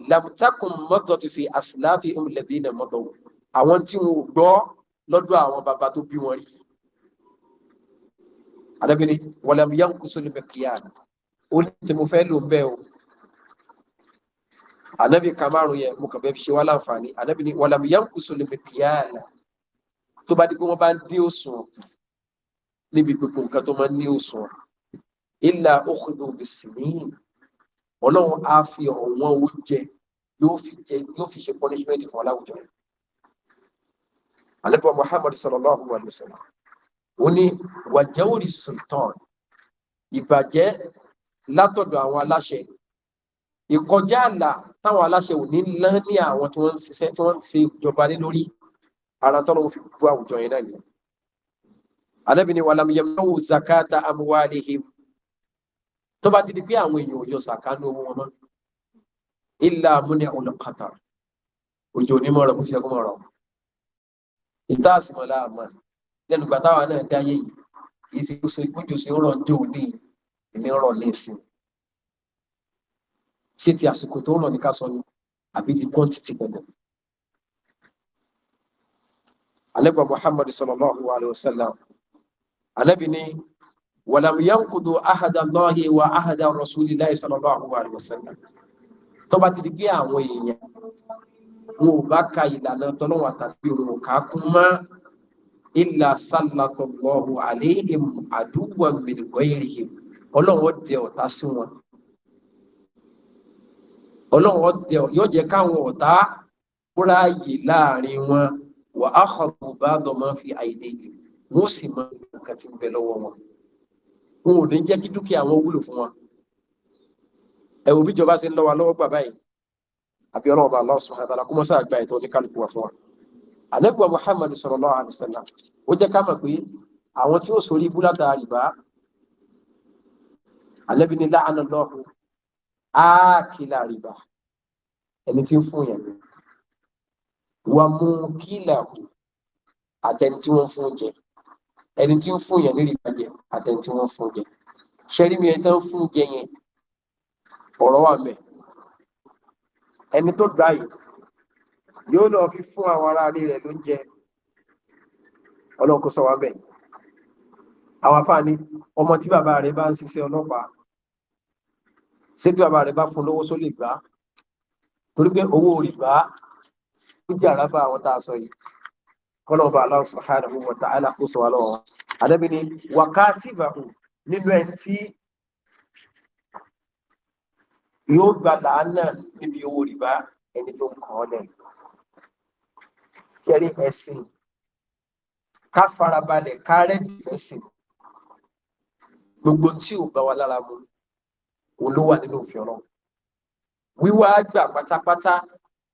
làmùtákùn mọ́tọ̀ ti fi àsìláàfin ọmọlẹ́bí náà mọ́tọ̀ àwọn tí wọn ò gbọ́ lọ́dọ̀ àwọn bàbá tó bí wọn rí àdàbìrì wàlàmù yankusu ní mẹkìyàna ó ní tí mo fẹ́ lò bẹ́ẹ̀ o ànábì ka márùn yẹn mo kàn bẹ́ẹ̀ fi ṣe wá láǹfààní ànábì ní wàlàmù yankusu ní mẹkìyàna tó bá di pé wọ́n bá ń dín òsùn níbi gbogbo nǹkan tó máa ń ní òsùn ìlà òkùnrin òbísìnìyìn ọlọ́run á fi ọ̀wọ́n owó jẹ yóò fi ṣe punishment fún ọláwùjọ. àlẹ́bọ̀ Muhammad sallallahu alayhi wa sallam wọ́n ní wàjẹ́wòrì sultan ìbàjẹ́ látọ̀dọ̀ àwọn aláṣẹ ìkọjá àlà táwọn aláṣẹ ò ní lán ní àwọn tí wọ́n ń ṣiṣẹ́ tí wọ́n ń ṣe ìjọba lé lórí ara tọ́lọ́ fi gbogbo àwùjọ yẹn náà nìyẹn Ànábì ní wàlámù yẹmọ́wò zakata amwalihim tó bá ti di pé àwọn èèyàn òjò sàkánú owó wọn mọ́ ilà múnẹ̀ olùkàtà òjò onímọ̀ rẹ̀ kò ṣe kó mọ̀ rọ̀ ìtàsímọ̀ láàmú lẹ́nu ìgbà táwa náà dáyé yìí kì í ṣe kó ṣe gbójú ṣe ń ràn dé òní ìní ràn lẹ́sìn ṣé ti àsìkò tó ràn ní ká sọ ni àbí di quantity gbọ̀ngàn. Ànábì Muhammad sallallahu alayhi wa sallam Ànábì ni wàlàmù yankudu ahada Allahi wa ahada rasulillahi sallallahu alayhi wa sallam tó ti di gé àwọn èèyàn wọn ò bá ka ìlànà tọ́lọ́wọ̀n àtàlẹ́ òun ò ká kún mọ́ ilà sálàtọ̀lọ́hù àléhìm àdúgbò mìlìgọ́ ìrìhìm ọlọ́run ó dẹ ọ̀tá sí wọn ọlọ́run ó dẹ yóò jẹ́ káwọn ọ̀tá kúráyè láàrin wọn wà á xọ̀rọ̀ bá dọ̀mọ́ fi àìlè yìí wọ́n sì mọ nǹkan tí ń bẹ lọ́wọ́ wọn wọn ò ní jẹ́ kí dúkìá wọn wúlò fún wọn ẹ̀wò bíjọba ṣe ń lọ́wọ́ lọ́wọ́ gbà báyìí àbí ọlọ́run bá lọ́sùn àtàlà kó mọ́ sáà gba ètò oníkálukú wa fún wa alẹ́gbọ̀n Muhammad sallallahu alaihi wasallam ó jẹ́ ká mọ̀ pé àwọn tí ó sórí ibú látara rìbá alẹ́bí ni láàánú lọ́hùn áàkìlà rìbá ẹni tí ń fún yẹn wà mú kílà hù àtẹni tí wọ́n fún jẹ ẹni tí ń fún yẹn ní rìbá jẹ àtẹni tí wọ́n fún jẹ ṣẹ́rí mi ẹni fún jẹ yẹn ọ̀rọ̀ wà mẹ́ ẹni tó gbà yóò lọ fi fún àwọn ará ilé rẹ̀ lóúnjẹ ọlọ́run kò sọ wá bẹ́ẹ̀ àwọn afáàní ọmọ tí bàbá rẹ̀ bá ń ṣiṣẹ́ ọlọ́pàá ṣé tí bàbá rẹ̀ bá fún lówó só lè gbà torí pé owó orí gbà ń jà rábà àwọn tá a sọ yìí kọ́lọ́run bá Allah subhanahu wa ta'ala kó lọ́wọ́ àdẹ́bí ni wákàtí ìbàkù nínú ẹni tí yóò gbà láàánà níbi owó rìbá ẹni tó ń kọ́ ọ́ lẹ́yìn kẹrí ẹ̀sìn ká farabalẹ̀ ká rẹ́dìfẹ́ sìn gbogbo tí ò bá wa lára mu òun ló wà nínú òfin ọlọ́run wíwá gbà pátápátá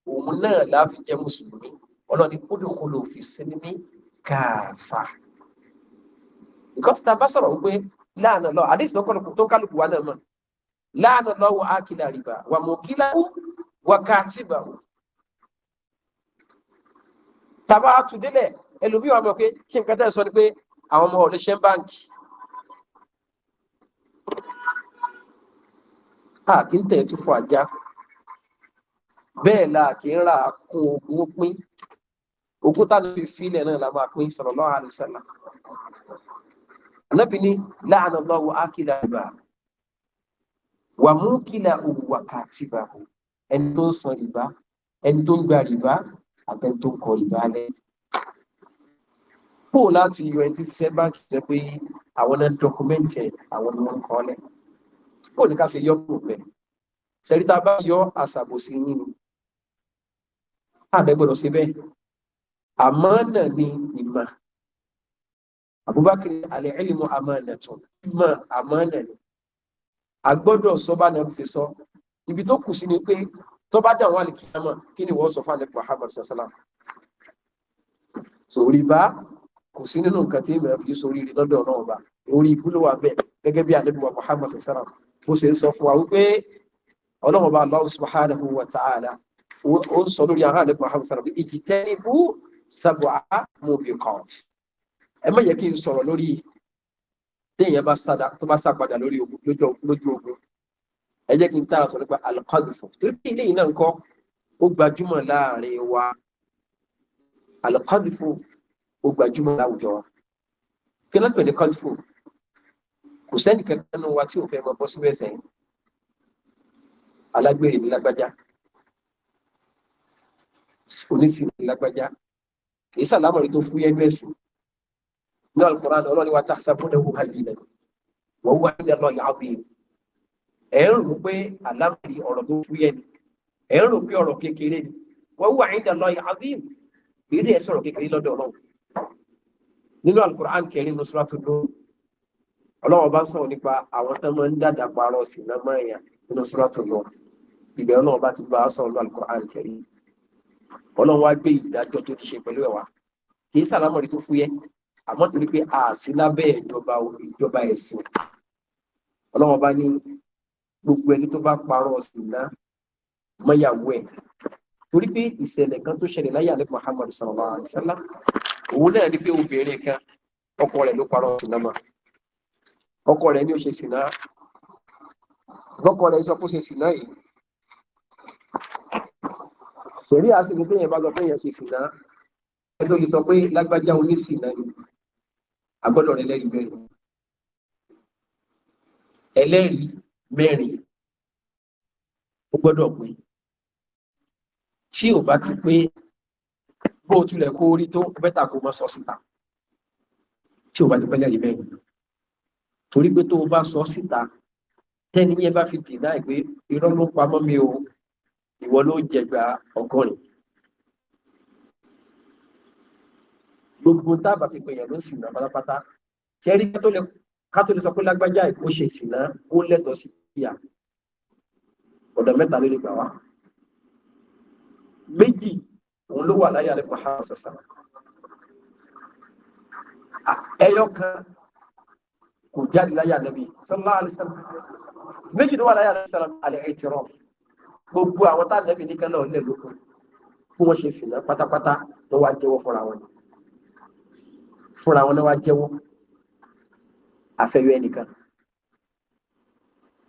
òun náà láfi jẹ́ mùsùlùmí ọlọ́ni kúdùkúlù òfin sinmi káàfà because tá a bá sọ̀rọ̀ wípé láàánú lọ àdéhùn ọkọ̀lùkù tó kálukú wa náà mọ̀ láàánú lọ́wọ́ àkìlà rìbá wà kílà wà káàtìbà tàbá àtúndélẹ̀ ẹlòmíì wà mọ̀ pé kí n kẹtẹ́ sọ ni pé àwọn ọmọ ọ̀lẹ́ ṣẹ́ ń báǹkì a kì í tẹ̀ tó fún ajá bẹ́ẹ̀ la kì í ra kún ogún pín ogún tá a fi filẹ̀ náà la máa pín sallallahu alaihi wasallam anábì ní láàánú lọ́wọ́ ákìlá ìbá wà mú kìlá òwò wákàtí bàbá ẹni tó ń san rìbá ẹni tó ń gba rìbá àtẹni tó kọ ìbálẹ̀. Pò láti yọ ẹtí ṣiṣẹ́ báńkì jẹ́ pé àwọn náà dọ́kúmẹ́ǹtì ẹ̀ àwọn ni wọ́n ń kọ́ lẹ̀. Pò ní ká ṣe yọ kò bẹ́ẹ̀. Ṣẹ̀rí tá bá yọ àṣàbòsí yín ni. Àbẹ̀ gbọ́dọ̀ ṣe bẹ́ẹ̀. Àmọ́ náà ni ìmọ̀. Abubakar al-ilmu amanatun. Ìmọ̀ àmọ́ náà ni. A gbọ́dọ̀ sọ bá náà ṣe sọ. Ibi tó kù sí ni pé tó bá dà wọn àlìkìyàmọ kí ni wọ́n sọ fún àlẹkùn Muhammad sasalam so rìbá kò sí nínú nǹkan tí èèyàn fi sórí rí lọ́dọ̀ náà ọba orí ibú ló wà bẹ́ẹ̀ gẹ́gẹ́ bí àlẹkùn Muhammad sasalam bó ṣe ń sọ fún wa wípé Ọlọ́run ọba Allah subhanahu wa ta'ala ó ń sọ lórí àwọn àlẹkùn Muhammad sasalam ìjì tẹ́lẹ̀ bú sab'a mubiqat ẹ má yẹ kí n sọ̀rọ̀ lórí téèyàn bá sàpadà lórí ogun lójú ogun ẹ jẹ́ kí n tàà sọ nípa alqadfu torí pé ilé yìí náà ń kọ́ ó gbajúmọ̀ láàrin wa alqadfu ó gbajúmọ̀ láwùjọ wa kí ló ń pè ní qadfu kò sẹ́ni kankan nínú wa tí ò fẹ́ mọ bọ́ síbẹ̀ sẹ́yìn alágbèrè ní lágbájá onísìn ní lágbájá kìí sàlámọ̀rí tó fúyẹ́ ní ẹ̀sìn ní al ọlọ́ni wa tahsabunahu hayyinan wa huwa 'inda Allahi 'azim E ń pé àlámọ̀rí ọ̀rọ̀ tó fúyẹ́ ni E ń pé ọ̀rọ̀ ni wọ́n wà ní ìdàlọ́ àbíyìn ìrírí ẹ̀ sọ̀rọ̀ kékeré lọ́dọ̀ ọlọ́run nínú alukur'an kẹrin ní tó dúró ọlọ́run bá sọ̀rọ̀ nípa àwọn tó máa ń parọ́ sí iná máa yàn nínú tó lọ bá ti a sọ̀rọ̀ alukur'an kẹrin ọlọ́run wá gbé gbogbo ẹni tó bá parọ́ ṣìnà mọ́yàwó ẹ̀ torí pé ìṣẹ̀lẹ̀ kan tó ṣẹlẹ̀ láyé àlẹ́ Muhammad sallallahu alaihi wasallam òun náà ni pé obìnrin kan ọkọ rẹ̀ ló parọ́ ṣìnà mọ́ ọkọ rẹ̀ ni ó ṣe ṣìnà ọkọ rẹ̀ sọ pé ó ṣe ṣìnà yìí torí àsìkò téèyàn bá sọ pé èèyàn ṣe ṣìnà ẹ tó lè sọ pé lágbájá oníṣìnà ni àgbọ́dọ̀ rẹ̀ lẹ́rìí bẹ́ẹ̀ ẹlẹ́rìí mẹ́rin ó gbọ́dọ̀ pé tí ò bá ti pé bó o tilẹ̀ kó rí tó bẹ́tà kó má sọ síta tí ò bá ti pẹ́lẹ́ yìí mẹ́rin torí pé tó o bá sọ síta tẹ́ni yẹn bá fi dìdá ẹ̀ pé irọ́ ló pamọ́ mi o ìwọ ló jẹgba ọgọ́rin gbogbo tá a bá fi pè yàn ló sì ná pátápátá kẹrí ká tó lè sọ pé lágbájá ìkó ṣe sì ná ó lẹ́tọ̀ọ́ sí i ìyà ọ̀dọ̀ mẹ́ta lórí gbà wá méjì òun ló wà láyé alẹ́ Muhammad sàṣà ah, ẹyọ kan kò jáde láyé Ànábì sallallahu alaihi wasallam méjì tó wà láyé Ànábì sallallahu alaihi wasallam gbogbo àwọn tá Ànábì nìkan náà lè lókun fún wọn ṣe sìnà pátápátá ló wá jẹ́wọ́ fúnra wọn fúnra wọn ló wá jẹ́wọ́ àfẹ́yọ ẹnìkan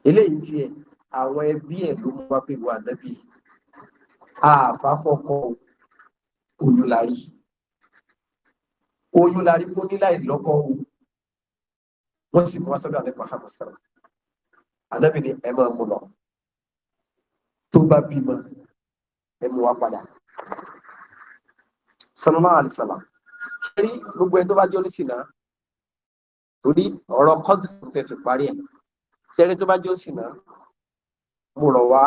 eléyìí tiẹ̀ àwọn ẹbí ẹ̀ ló mú wá pé wà lẹ́bí àbáfọ́kọ́ oyún la rí oyún la rí kó ní láì lọ́kọ́ o wọ́n sì mú wá sọ́dọ̀ àlẹ́ pàhàmù sọ̀rọ̀ ànábì ni ẹ máa mú lọ tó bá bímọ ẹ mú wá padà sọlọ́mọ́ àlùsàlà ṣe gbogbo ẹ tó bá jẹ́ oníṣìnà torí ọ̀rọ̀ kọ́ńtù fẹ́ fi parí ẹ̀ sẹ́ni tó bá jó sì náà mo rọ̀ wá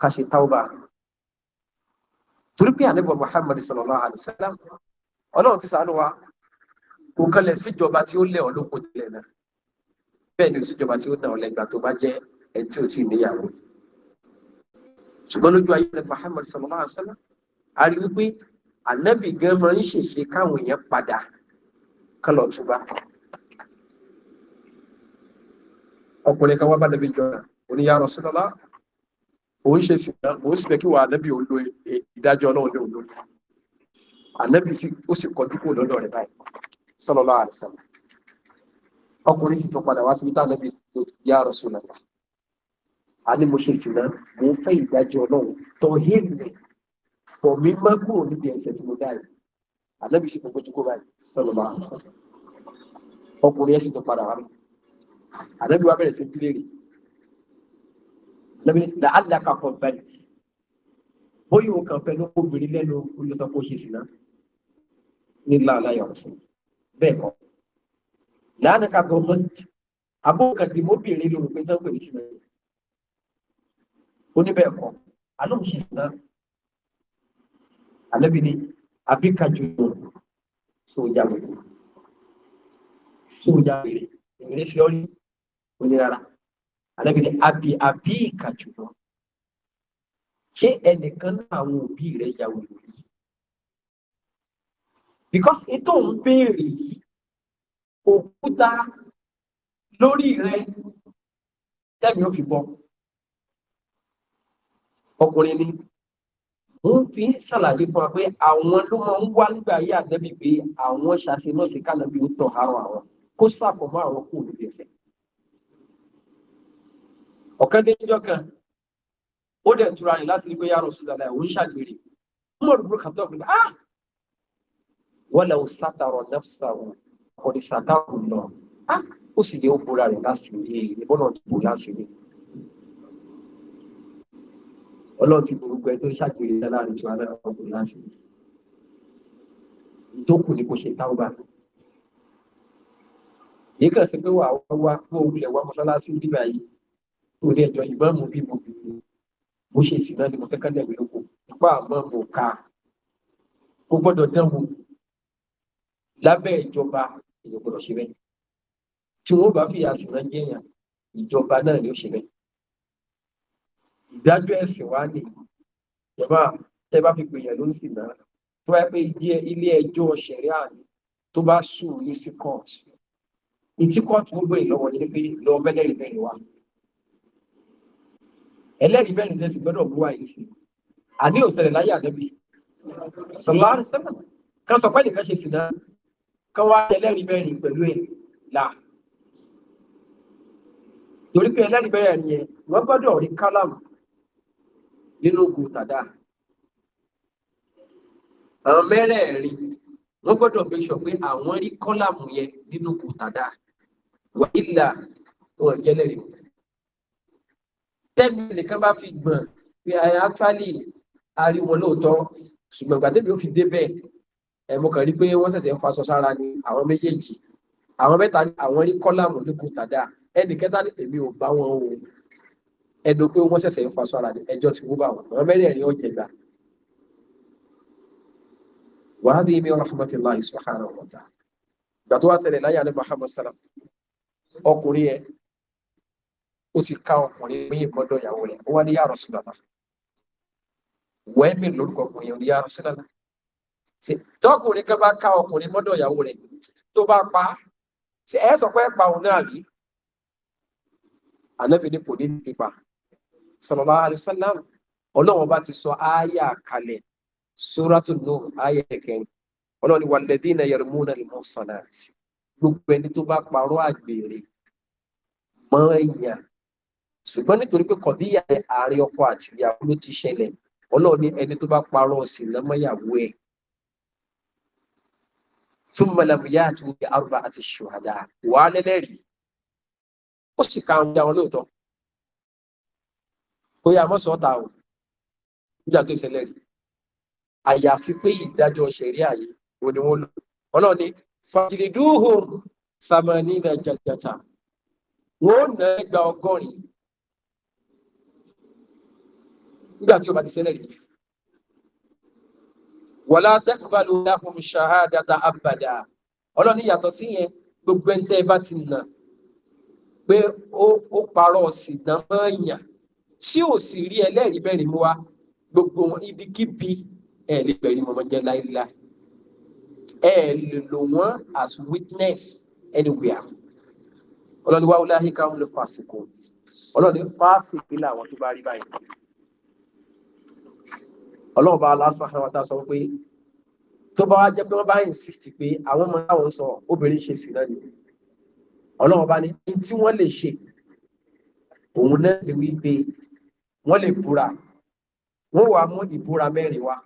ká ṣe táwọ́bà torí pé ànábì Muhammad sallallahu alaihi wasallam ọlọ́run ti sàánú wa kò kalẹ̀ síjọba tí ó lẹ̀ ọ́ lóko tilẹ̀ náà bẹ́ẹ̀ ni síjọba tí ó nà ọ́ lẹ́gbàá tó bá jẹ́ ẹni tí ò tí ì níyàwó ṣùgbọ́n lójú ayé rẹ̀ Muhammad sallallahu alaihi wasallam a rí wípé ànábì gan máa ń ṣèṣe káwọn èèyàn padà kán lọ túbà. ọkùnrin kan wá bá nàbí jọ oníyà Rasulullah òun ṣe sí náà òun sì fẹ́ kí wà ànábì òun lo ìdájọ́ náà ní òun lórí ànábì ó sì kọjú kúrò lọ́dọ̀ rẹ̀ báyìí sallallahu alaihi wasallam ọkùnrin sì tún padà wá síbi tá ànábì yà Rasulullah àní mo ṣe sí náà mo fẹ́ ìdájọ́ náà tọ́ hílẹ̀ pọ̀ mí má kúrò níbi ẹ̀ṣẹ̀ tí mo dá yìí ànábì sì tún kọjú kúrò báyìí sallallahu alaihi wasallam ọkùnrin ẹ̀ sì tún padà wá báyìí ànábì wa bẹ̀rẹ̀ sí pílẹ̀rì lẹ́bi ní àdàkà convert bóyá òun kàn fẹ́ ló obìnrin lẹ́nu olùsọ kó ṣe sìnà ní láàláyà ọ̀sìn bẹ́ẹ̀ kọ́ lánàkà convert abókàtì mọ́bìnrin ló rò pé sọ́kò èyí sìnà oníbẹ̀ kọ́ alóhùn ṣe sìnà ànábì ní àbíkàjù sójà wèrè sójà wèrè ìrẹsì ọ̀rẹ́ ó ní rárá ànábì ní àbí àbí ìkà jùlọ ṣé ẹnìkan náà àwọn òbí rẹ̀ ya wèrè yìí because ètò ń béèrè yìí òkúta lórí rẹ̀ tẹ́mi ó fi bọ́ ọkùnrin ni wọ́n fi ṣàlàyé fún wa pé àwọn ló máa ń wá nígbà ayé àtẹ́bí pé àwọn ṣàṣemọ́sí kánàbí ó tọ̀ àrùn àwọn kó sàkómọ́ àwọn kò ní ẹsẹ̀ ọ̀kan dé níjọ́ kan ó dẹ̀ tura rẹ̀ láti rí pé yàrá òsì dàda ìwé ń ṣàgbèrè mọ̀ lùbúrú kàtọ́ pé ah wọ́n lẹ́wọ̀ sátàrọ̀ nẹ́fṣàrọ̀ ọ̀dì sátàrọ̀ lọ ah ó sì lè ó bóra rẹ̀ láti rí èyí ní bọ́lá ti bò láti rí ọlọ́run ti gbogbo ẹ tó ń ṣàgbèrè láàrin tí wàá náà ọkùnrin láti rí ìdókù ni kò ṣe táwọn bá mi yìí kàn sí pé wà á wá wá kó wulẹ̀ wá mọ́sálásí bíbá torí ẹjọ́ ìmáàmù bí mo bìbí bó ṣe sì náà ni mo fẹ́ ká dẹ̀wé lóko nípa àmọ́ mo ka ó gbọ́dọ̀ dán wò lábẹ́ ìjọba èèyàn gbọ́dọ̀ ṣe bẹ́ẹ̀ tí wọ́n bá fìyà sí náà jẹ́yàn ìjọba náà ni ó ṣe bẹ́ẹ̀ ìdájọ́ ẹ̀sìn wa ni ìjọba tẹ bá fi gbìyànjú ló ń sì náà tó bá pé ilé ẹjọ́ ṣẹ̀ríà ni tó bá sùn ní sí kóòtù ìtí kóòtù gbogbo ìlọ́wọ́ ni pé lọ́ọ́ bẹ́lẹ̀ ìbẹ̀rẹ̀ wa ẹlẹ́rìí bẹ́ẹ̀ nílẹ̀ sí gbọ́dọ̀ bú àyè sí àní òṣèlè láyé àdẹ́bí sallallahu alaihi wasallam kan sọ pé nìkan ṣe sìdá kan wá ẹlẹ́rìí bẹ́ẹ̀ ni pẹ̀lú ẹ̀ là torí pé ẹlẹ́rìí bẹ́ẹ̀ ni ẹ̀ wọ́n gbọ́dọ̀ rí kálámù nínú ogun tàdá àwọn mẹ́rẹ̀ẹ̀rin wọ́n gbọ́dọ̀ make sure pé àwọn rí kọ́lámù yẹn nínú ogun tàdá wà ilà wọn jẹ́lẹ̀rìí tẹ́mi nìkan bá fi gbọ̀n pé i actually ariwo lóòótọ́ ṣùgbọ́n ìgbà tẹ́mi ó fi dé bẹ́ẹ̀ ẹ̀ mo kàn rí pé wọ́n ṣẹ̀ṣẹ̀ ń faṣọ sára ni àwọn méjèèjì àwọn mẹ́ta ni àwọn rí kọ́làmù níkùn tàdá ẹnì kẹta ní èmi ò bá wọn o ẹnu pé wọ́n ṣẹ̀ṣẹ̀ ń faṣọ ara ni ẹjọ́ ti wú bá wọn àwọn mẹ́rẹ̀ẹ̀rin ó jẹgbà. وهذه من رحمة الله سبحانه وتعالى. Gbàtọ́ wá ṣẹlẹ̀ láyé àlẹ́ Muhammad Sallam. Ọkùnrin yẹn ó ti ká ọkùnrin méjì kan dọ̀ ìyàwó rẹ̀ ó wá ní yàrá sílẹ̀ náà wẹ́ẹ̀mì lórúkọ ọkùnrin yẹn ní yàrá sílẹ̀ náà tọkùnrin kan bá ká ọkùnrin mọ́dọ̀ ìyàwó rẹ̀ tó bá pa ṣe ẹ sọ pé pa òun náà rí ànábì ní kò ní pípa sallallahu alaihi wasallam ọlọ́run bá ti sọ ááyà kalẹ̀ suratul nur ááyà kẹrin ọlọ́run ni walladhina yarmuna al-muhsanat gbogbo ẹni tó bá parọ́ àgbèrè mọ́ èèyàn ṣùgbọ́n nítorí pé kọ̀díyà ààrẹ ọkọ àti ìyàwó ló ti ṣẹlẹ̀ ọlọ́run ní ẹni tó bá parọ́ sí lọ́mọ́yàwó ẹ̀ fún mọ̀lẹ́mùyá àti wọ́n arúgbó àti ṣùhàdà wà á lẹ́lẹ́rìí ó sì ka àwọn àwọn lóòótọ́ kó yá mọ́sàn-án ta o nígbà tó ṣẹlẹ̀ rí àyàfi pé ìdájọ́ ṣẹ̀ríà yìí ò ní wọ́n lò ọlọ́run ní fàjìlídùúhùn sàmánì nàìjíríà wọn ò ná ẹgbàá ọgọ́rin nígbà tí ó bá ti ṣẹlẹ̀ rí wàlá taqbalu lahum shahadata abada ọlọ́run ní yàtọ̀ sí yẹn gbogbo ẹni tẹ́ ẹ bá ti nà pé ó parọ́ sí dánmọ́ọ̀yàn tí ò sì rí ẹlẹ́rìí bẹ́ẹ̀ mú wa gbogbo ibikíbi ẹ̀ lè bẹ̀rẹ̀ mọ́mọ́ jẹ́ láéláé ẹ̀ lè lò wọ́n as witness anywhere ọlọ́run wá wúláhíkà ń lè fàṣìkò ọlọ́run fàṣìkò làwọn tó bá rí báyìí ọlọ́run bá lásán àwọn àtà sọ pé tó bá wá jẹ́ pé wọ́n bá insist pé àwọn ọmọ táwọn sọ obìnrin ṣe sí náà ni ọlọ́run bá ní ní tí wọ́n lè ṣe òun náà lè wí pé wọ́n lè búra wọ́n wàá mú ìbúra mẹ́rin wá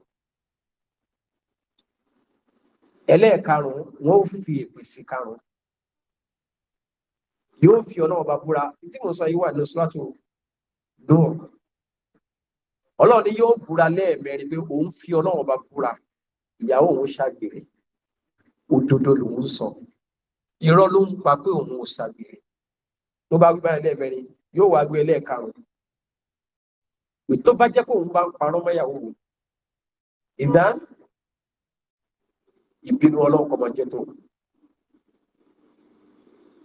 ẹlẹ́ẹ̀karùn-ún wọ́n ó fi èpè sí karùn-ún yóò fi ọlọ́run bá búra tí mo sọ yìí wà ní oṣù látò dùn ọ̀kan ọlọ́run ni yóò búra lẹ́ẹ̀mẹrin pé òun fi ọlọ́run ọba búra ìyàwó òun ṣàgbèrè òdodo lòun sọ irọ́ ló ń pa pé òun ò ṣàgbèrè tó bá wí báyìí lẹ́ẹ̀mẹrin yóò wá gbé lẹ́ẹ̀karùn-ún pé tó bá jẹ́ pé òun bá ń parọ́ mọ́yàwó òun ìdá ìbínú ọlọ́run kọ́mọ jẹ́ tó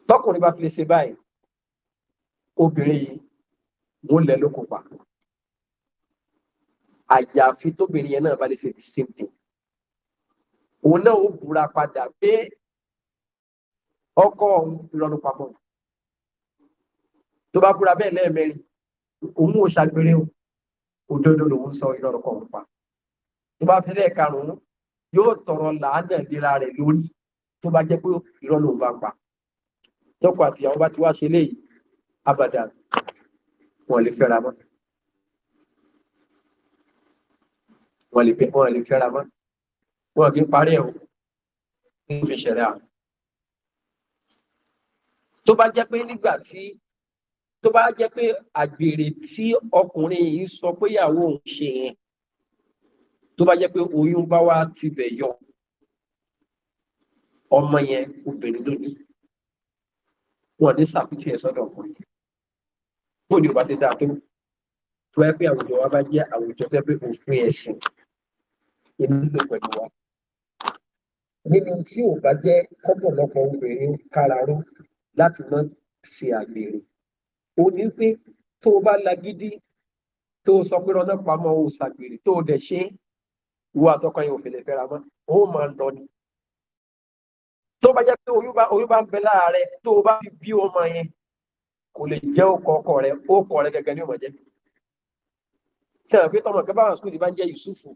tọkùnrin bá fi lè ṣe báyìí obìnrin yìí wọ́n lẹ́ lóko pa àyàfi tóbìnrin yẹn náà bá lè ṣe the same thing òun náà ó búra padà pé ọkọ òun ìrọ̀lù papọ̀ tó bá búra bẹ́ẹ̀ lẹ́ẹ̀mẹ́rin òun ò ṣàgbére o òdodo lòun sọ ìrọ̀lù kan òun pa tó bá fi lẹ́ẹ̀karùn-ún yóò tọrọ làánà ìlera rẹ̀ lórí tó bá jẹ́ pé ìrọ̀lù òun bá pa tọkọ àtìyàwó bá ti wá ṣe léyìí abàdà wọn lè fẹ́ra mọ́. wọn lè wọn lè fẹ́ra mọ́ wọn kì í parí ẹ̀ o ń fi ṣẹ̀rẹ̀ à. tó bá jẹ́ pé nígbà tí tó bá jẹ́ pé àgbèrè tí ọkùnrin yìí sọ pé ìyàwó òun ṣe yẹn tó bá jẹ́ pé oyún bá wá tibẹ̀ yọ ọmọ yẹn obìnrin ló ní wọn ní sàkútì ẹ sọ́dọ̀ ọkùnrin bó ni ò bá ti dáa tó tó ẹ pé àwùjọ wa bá jẹ́ àwùjọ tó pé òfin ẹ̀sìn èmi ń lò pẹ̀lú wa. Nínú tí ò bá jẹ́ kọ́pọ̀lọpọ̀ obìnrin káraró láti má ṣe àgbèrè. O ní pé tó o bá lagídí tó o sọ pé rọ́nà pamọ́ o ṣàgbèrè tó o dẹ̀ ṣe é wo àtọkọ yẹn òfin lè fẹ́ra mọ́ o máa ń lọ ni. Tó bá jẹ́ pé oyún bá ń bẹ láàárẹ̀ tó o bá fi bí ọmọ yẹn kò lè jẹ́ ọkọ ọkọ rẹ̀ ọkọ rẹ̀ gẹ́gẹ́ ni ó máa jẹ́. Ṣé àwọn pé tọmọ kan bá wà sùkúlù bá ń jẹ́ Yusufu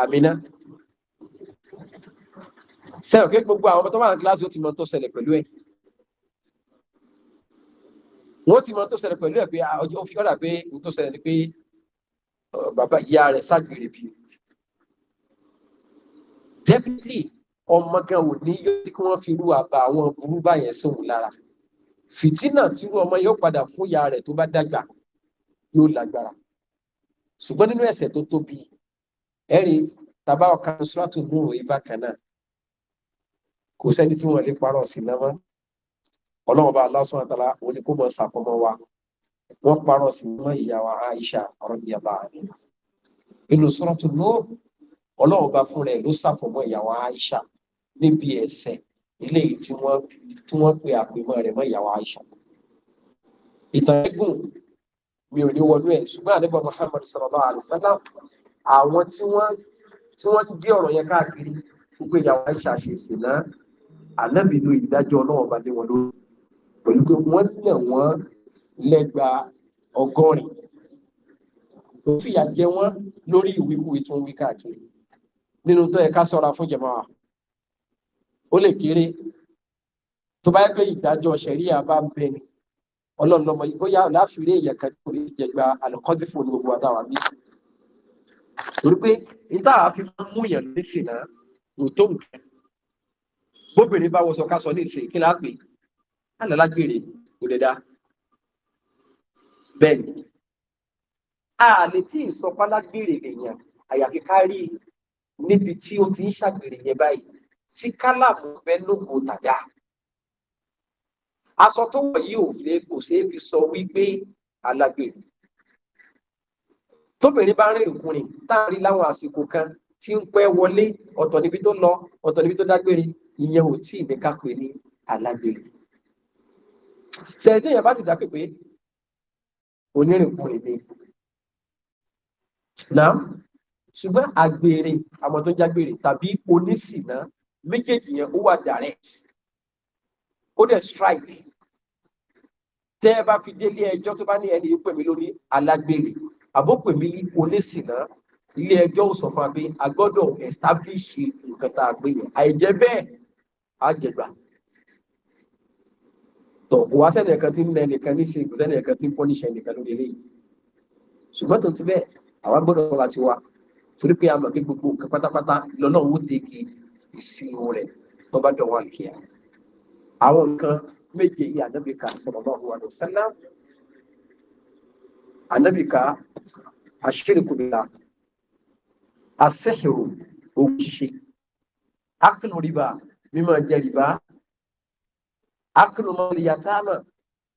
àmìná sẹ́yìn òkè gbogbo àwọn ọmọ tó wà ní kíláàsì ó ti mọ tó ṣẹlẹ̀ pẹ̀lú ẹ̀ wọ́n ti mọ tó ṣẹlẹ̀ pẹ̀lú ẹ̀ pé ó fi ọ̀dà pé n tó ṣẹlẹ̀ ni pé bàbá ìyá rẹ̀ ságbèrè bí definitely ọmọ gan ò ní yọ kí wọ́n fi rú àbá àwọn burú báyẹn sí òun lára fìtínà tí irú ọmọ yóò padà fún ìyá rẹ̀ tó bá dàgbà yóò lágbára ṣùgbọ́n nínú ẹ̀ṣẹ̀ tó tóbi ẹ̀rí tàbá ọ̀kan sọ́ọ̀tù ní òye bákan náà kò sẹ́ni tí wọ́n lè parọ́ sí náà mọ́ ọlọ́run bá aláṣọ àtàlà òun ni kó mọ̀ ṣàfọmọ́ wa wọ́n parọ́ sí mọ́ ìyàwó Aisha ọ̀rọ̀ ní ọba àárín inú sọ́ọ̀tù ní ọlọ́run bá fún rẹ̀ ló ṣàfọmọ́ ìyàwó Aisha níbi ẹ̀ṣẹ̀ eléyìí tí wọ́n tí wọ́n pe àpèmọ́ rẹ̀ mọ́ ìyàwó Aisha ìtàn ẹ̀gùn mi ò ní wọnú ẹ̀ ṣùgbọ́n àdébọ̀ Muhammad sallallahu alaihi wasallam àwọn tí wọ́n tí wọ́n gbé ọ̀rọ̀ yẹn káàkiri gbogbo ìyàwó Aisha ṣe sì náà ànábì lo ìdájọ́ ọlọ́wọ́ bá dé wọn lórí pẹ̀lú pé wọ́n lẹ̀ wọ́n lẹ́gba ọgọ́rin tó fìyà jẹ wọ́n lórí ìwíkúwí tó ń wí káàkiri nínú tó yẹ ká ṣọ́ra fún jẹmọ́ wa ó lè kéré tó bá yẹ pé ìdájọ́ ṣẹ̀ríyà bá ń bẹ ni ọlọ́run lọ́mọ yìí bóyá láfiwé èèyàn kan tó lè jẹgba àlùkọ́dífò ní gbogbo àtàwọn àbí torí pé níta àfi máa mú yàn nísìn náà kò tó nǹkan bóbìnrin bá wọṣọ ká sọ ní ìsìn kí láàpè alàlágbèrè kò lè dá bẹ́ẹ̀ ni a lè tí ì sọ pálágbèrè lèèyàn àyàfi ká rí níbi tí ó ti ń ṣàgbèrè yẹn báyìí tí kálàmù fẹ́ lóko tàdá aṣọ tó wọ̀ yìí ò lè kò ṣeé fi sọ wípé alágbèrè tóbìnrin bá rìn ìkùnrin táàrí láwọn àsìkò kan tí ń pẹ́ wọlé ọ̀tọ̀ níbi tó lọ ọ̀tọ̀ níbi tó dágbére ìyẹn ò tí ì ní kápẹ ní alágbèrè sẹ̀dẹ̀yìn bá sì dá pípé onírìnkùnrin ni náà ṣùgbọ́n àgbèrè àwọn tó ń jágbèrè tàbí onísìnà méjèèjì yẹn ó wà direct ó dẹ̀ strike tẹ́ ẹ bá fi délé ẹjọ́ tó bá ní ẹni yìí pè lórí alágbèrè àbópè mi onísìnà ilé ẹjọ́ ò sọ fún wa pé a gbọ́dọ̀ establish nǹkan tá a gbé yẹn àìjẹ́ bẹ́ẹ̀ á jẹgbà tọ̀ kò wá sẹ́ni ẹ̀kan tí ń lẹ nìkan ní sèkù sẹ́ni ẹ̀kan tí ń pọ́nìṣẹ́ nìkan lórí eléyìí ṣùgbọ́n tó ti bẹ́ẹ̀ àwa gbọ́dọ̀ sọ láti wa torí pé a mọ̀ pé gbogbo nǹkan pátápátá lọ́nà owó tèkì ìsinmi rẹ̀ tó bá dọ̀wọ́ àkíyà àwọn nǹkan méje yìí ànábìkà sallallahu Anabika ká bila àṣẹ́hìrò òun ṣíṣe riba mima mímọ̀ jẹ rìbá akínú mọ́lì yàtàmà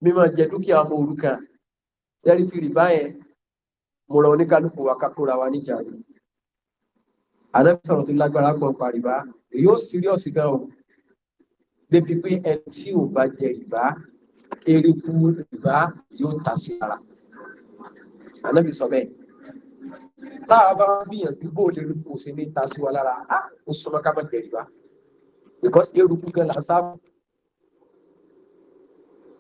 mímọ̀ jẹ dúkìá ọmọ òrukàn lẹ́rí ti rìbá yẹn mo rọ oníkálukú wa kákóra wa níjà rẹ̀ ànábì sọ̀rọ̀ tó lágbára gbọ́n pa rìbá èyí ó gan o débi pé ẹni tí ò bá jẹ rìbá erékù rìbá yóò ta sí ara ànábì sọ bẹ́ẹ̀ tá a bá gbìyànjú bó lè rúkú sí ní ta sí wa lára á ó súnmọ́ ká má jẹ̀rì wa because eruku gan la sáà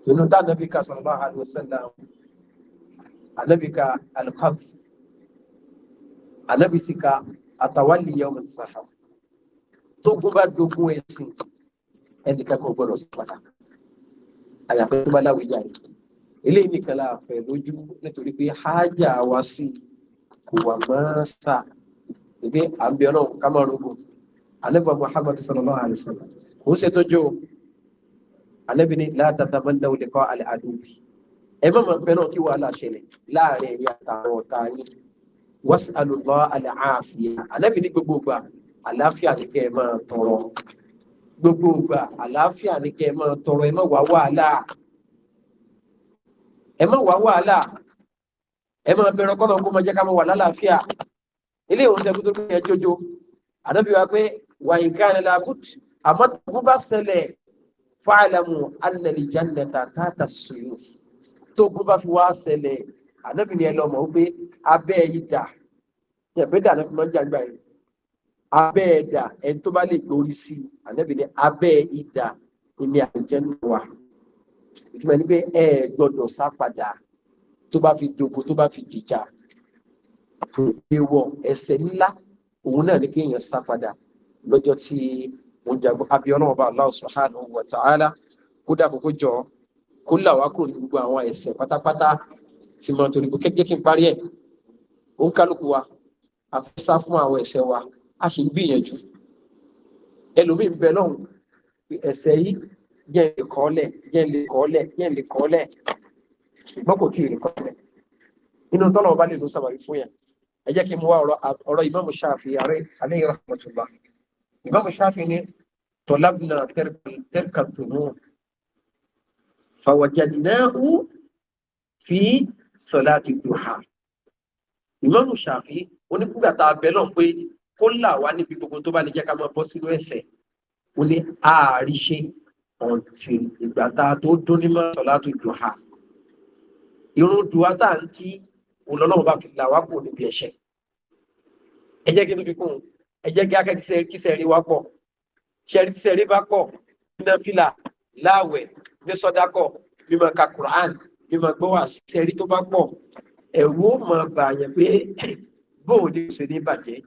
inú tá ànábì ká sallallahu alaihi wasallam ànábì ká alqabr ànábì sì ká àtàwálì yawm as-sahar tó gbọ́ bá dogun ẹ̀sìn ẹnìkan kò gbọ́dọ̀ sí pàtàkì àyàfẹ́ tó bá láwùjá yìí eléyìí nìkan la fẹ́ lójú nítorí pé hájà wa sí kò wà mọ́ sà pé à ń bẹ ọlọ́run ká máa rògbò ànábì Muhammad sallallahu alaihi wasallam kò ń ṣètọ́jú o ànábì ni látàtà máa ń dáwọ́ lẹ́kọ́ àdúgbì ẹ má máa fẹ́ràn kí wàhálà ṣẹlẹ̀ láàrin ẹ̀yà àtàwọn ọ̀tá yín was'alullah àlẹ́ àáfíà ànábì ní gbogbo gbà àláfíà ní kẹ́ ẹ máa tọrọ gbogbo gbà àláfíà ní kẹ́ ẹ máa tọrọ ẹ má wà wàhálà ẹ má wá wàhálà ẹ má bẹ̀rọ kọ́nà kó má jẹ́ ká má wà lálàáfíà ilé ìwòsàn ẹ̀kú tó kí ẹ jójo àdóbi wa pé wàyí ká ní làkùt àmọ́ tó bá ṣẹlẹ̀ fáìlàmù alẹ́lìjà nẹ̀ta káàtà sùúrù tó kú bá fi wá ṣẹlẹ̀ àdóbi ni ẹ lọ mọ̀ pé abẹ́ yìí dà ẹ̀bẹ́ dà lọ́fi máa ń jàgbá yìí abẹ́ ẹ̀dà ẹni tó bá lè gbórí sí àdóbi ni abẹ́ ìdà ìní àjẹnú wa ìtumọ̀ ní pé ẹ gbọ́dọ̀ sá padà tó bá fi dogo tó bá fi dìjà kò léwọ ẹ̀ṣẹ̀ ńlá òun náà ní kéèyàn sá padà lọ́jọ́ tí wọ́n jagun abiyọ́nà ọba Allah subhanahu wa ta'ala kódà kókó jọ kó là wá kúrò ní gbogbo àwọn ẹ̀ṣẹ̀ pátápátá tí mo torí kó kẹ́kẹ́ kí n parí ẹ̀ ó ń kálukú wa a fẹ́ sá fún àwọn ẹ̀ṣẹ̀ wa a sì ń gbìyànjú ẹlòmíín bẹ lọ́hùn ẹ̀ṣẹ̀ yìí jẹ́ lè kọ́lẹ̀ jẹ́ lè kọ́lẹ̀ jẹ́ lè kọ́lẹ̀ ṣùgbọ́n kò tí ì lè kọ́lẹ̀ inú tọ́lọ̀ ọba lè ló sàbàrí fún yà ẹ jẹ́ kí n wá ọ̀rọ̀ ìmáàmù ṣáàfì ààrẹ alayhi rahmatullah ìmáàmù ṣáàfì ni tọ́lábìnà tẹ́rkàtùmù fàwọ̀jẹ̀dínẹ́hù fi sọ̀láàtì duha ìmáàmù ṣáàfì oníkúgbà tá a bẹ̀ lọ́n pé kó là wá níbi gbogbo tó bá lè jẹ́ ká máa bọ́ sínú ẹ̀ṣẹ̀ ó ní ààrí ṣe ọ̀tì ìgbàta tó dún ní mọ́sán láti dùhà irun dùhà tá à ń kí olọ́lọ́run bá fi là wá pọ̀ níbi ẹ̀ṣẹ̀ ẹ jẹ́ kí n tó fi kún un ẹ jẹ́ kí akẹ́kẹ́ kíṣẹ́ rí wá pọ̀ ṣẹ́rí tíṣẹ́ rí bá pọ̀ nínú fìlà láàwẹ̀ ní sọ́dákọ̀ mímọ̀ ka Quran mímọ̀ gbọ́ wà síṣẹ́ rí tó bá pọ̀ ẹ̀rù ó mọ̀ bàyàn pé *clears throat* bóun ní ṣe ní bàjẹ́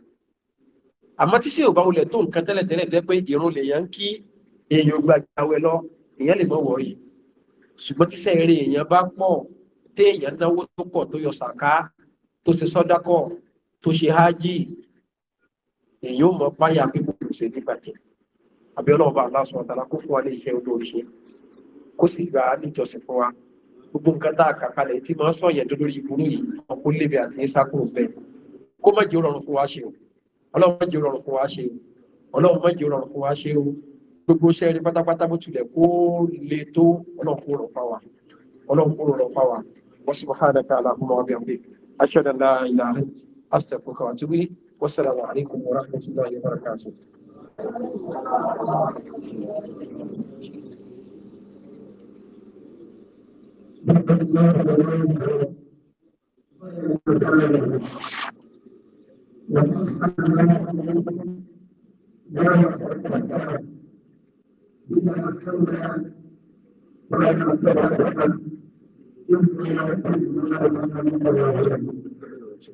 àmọ́ tí sí ò bá wulẹ̀ tó nǹkan tẹ́lẹ̀tẹ́lẹ̀ tẹ́ pé ìrun lèèyàn ń kí èèyàn gbàgbàwẹ lọ èèyàn lè mọ wọrí ṣùgbọ́n tí sẹ́ẹ̀rì èèyàn bá pọ̀ tí èèyàn náwó tó pọ̀ tó yọ sàká tó ṣe sọ́dákọ̀ tó ṣe hájì èèyàn ò mọ páyà pípọ̀ kò ṣe nígbàjẹ́ àbí ọlọ́run bá aláṣọ ọ̀tàlá kó fún wa ní iṣẹ́ olórí ṣe kó sì gbà á níjọsìn fún wa gbogbo rọrùn fún wa ṣe o gbogbo sẹ́ẹ̀rí pátápátá bó tilẹ̀ kó le tó ọlọ́kùn rọ̀ fáwa ọlọ́kùn rọ̀ fáwa wọ́n sì wọ́n hàdàkà aláhùnmọ́ ọbẹ̀ ọbẹ̀ aṣọ́dàlá ilà astagfirullah wa atubu ilayhi wassalamu alaikum wa rahmatullahi wa barakatuh Thank you. Y no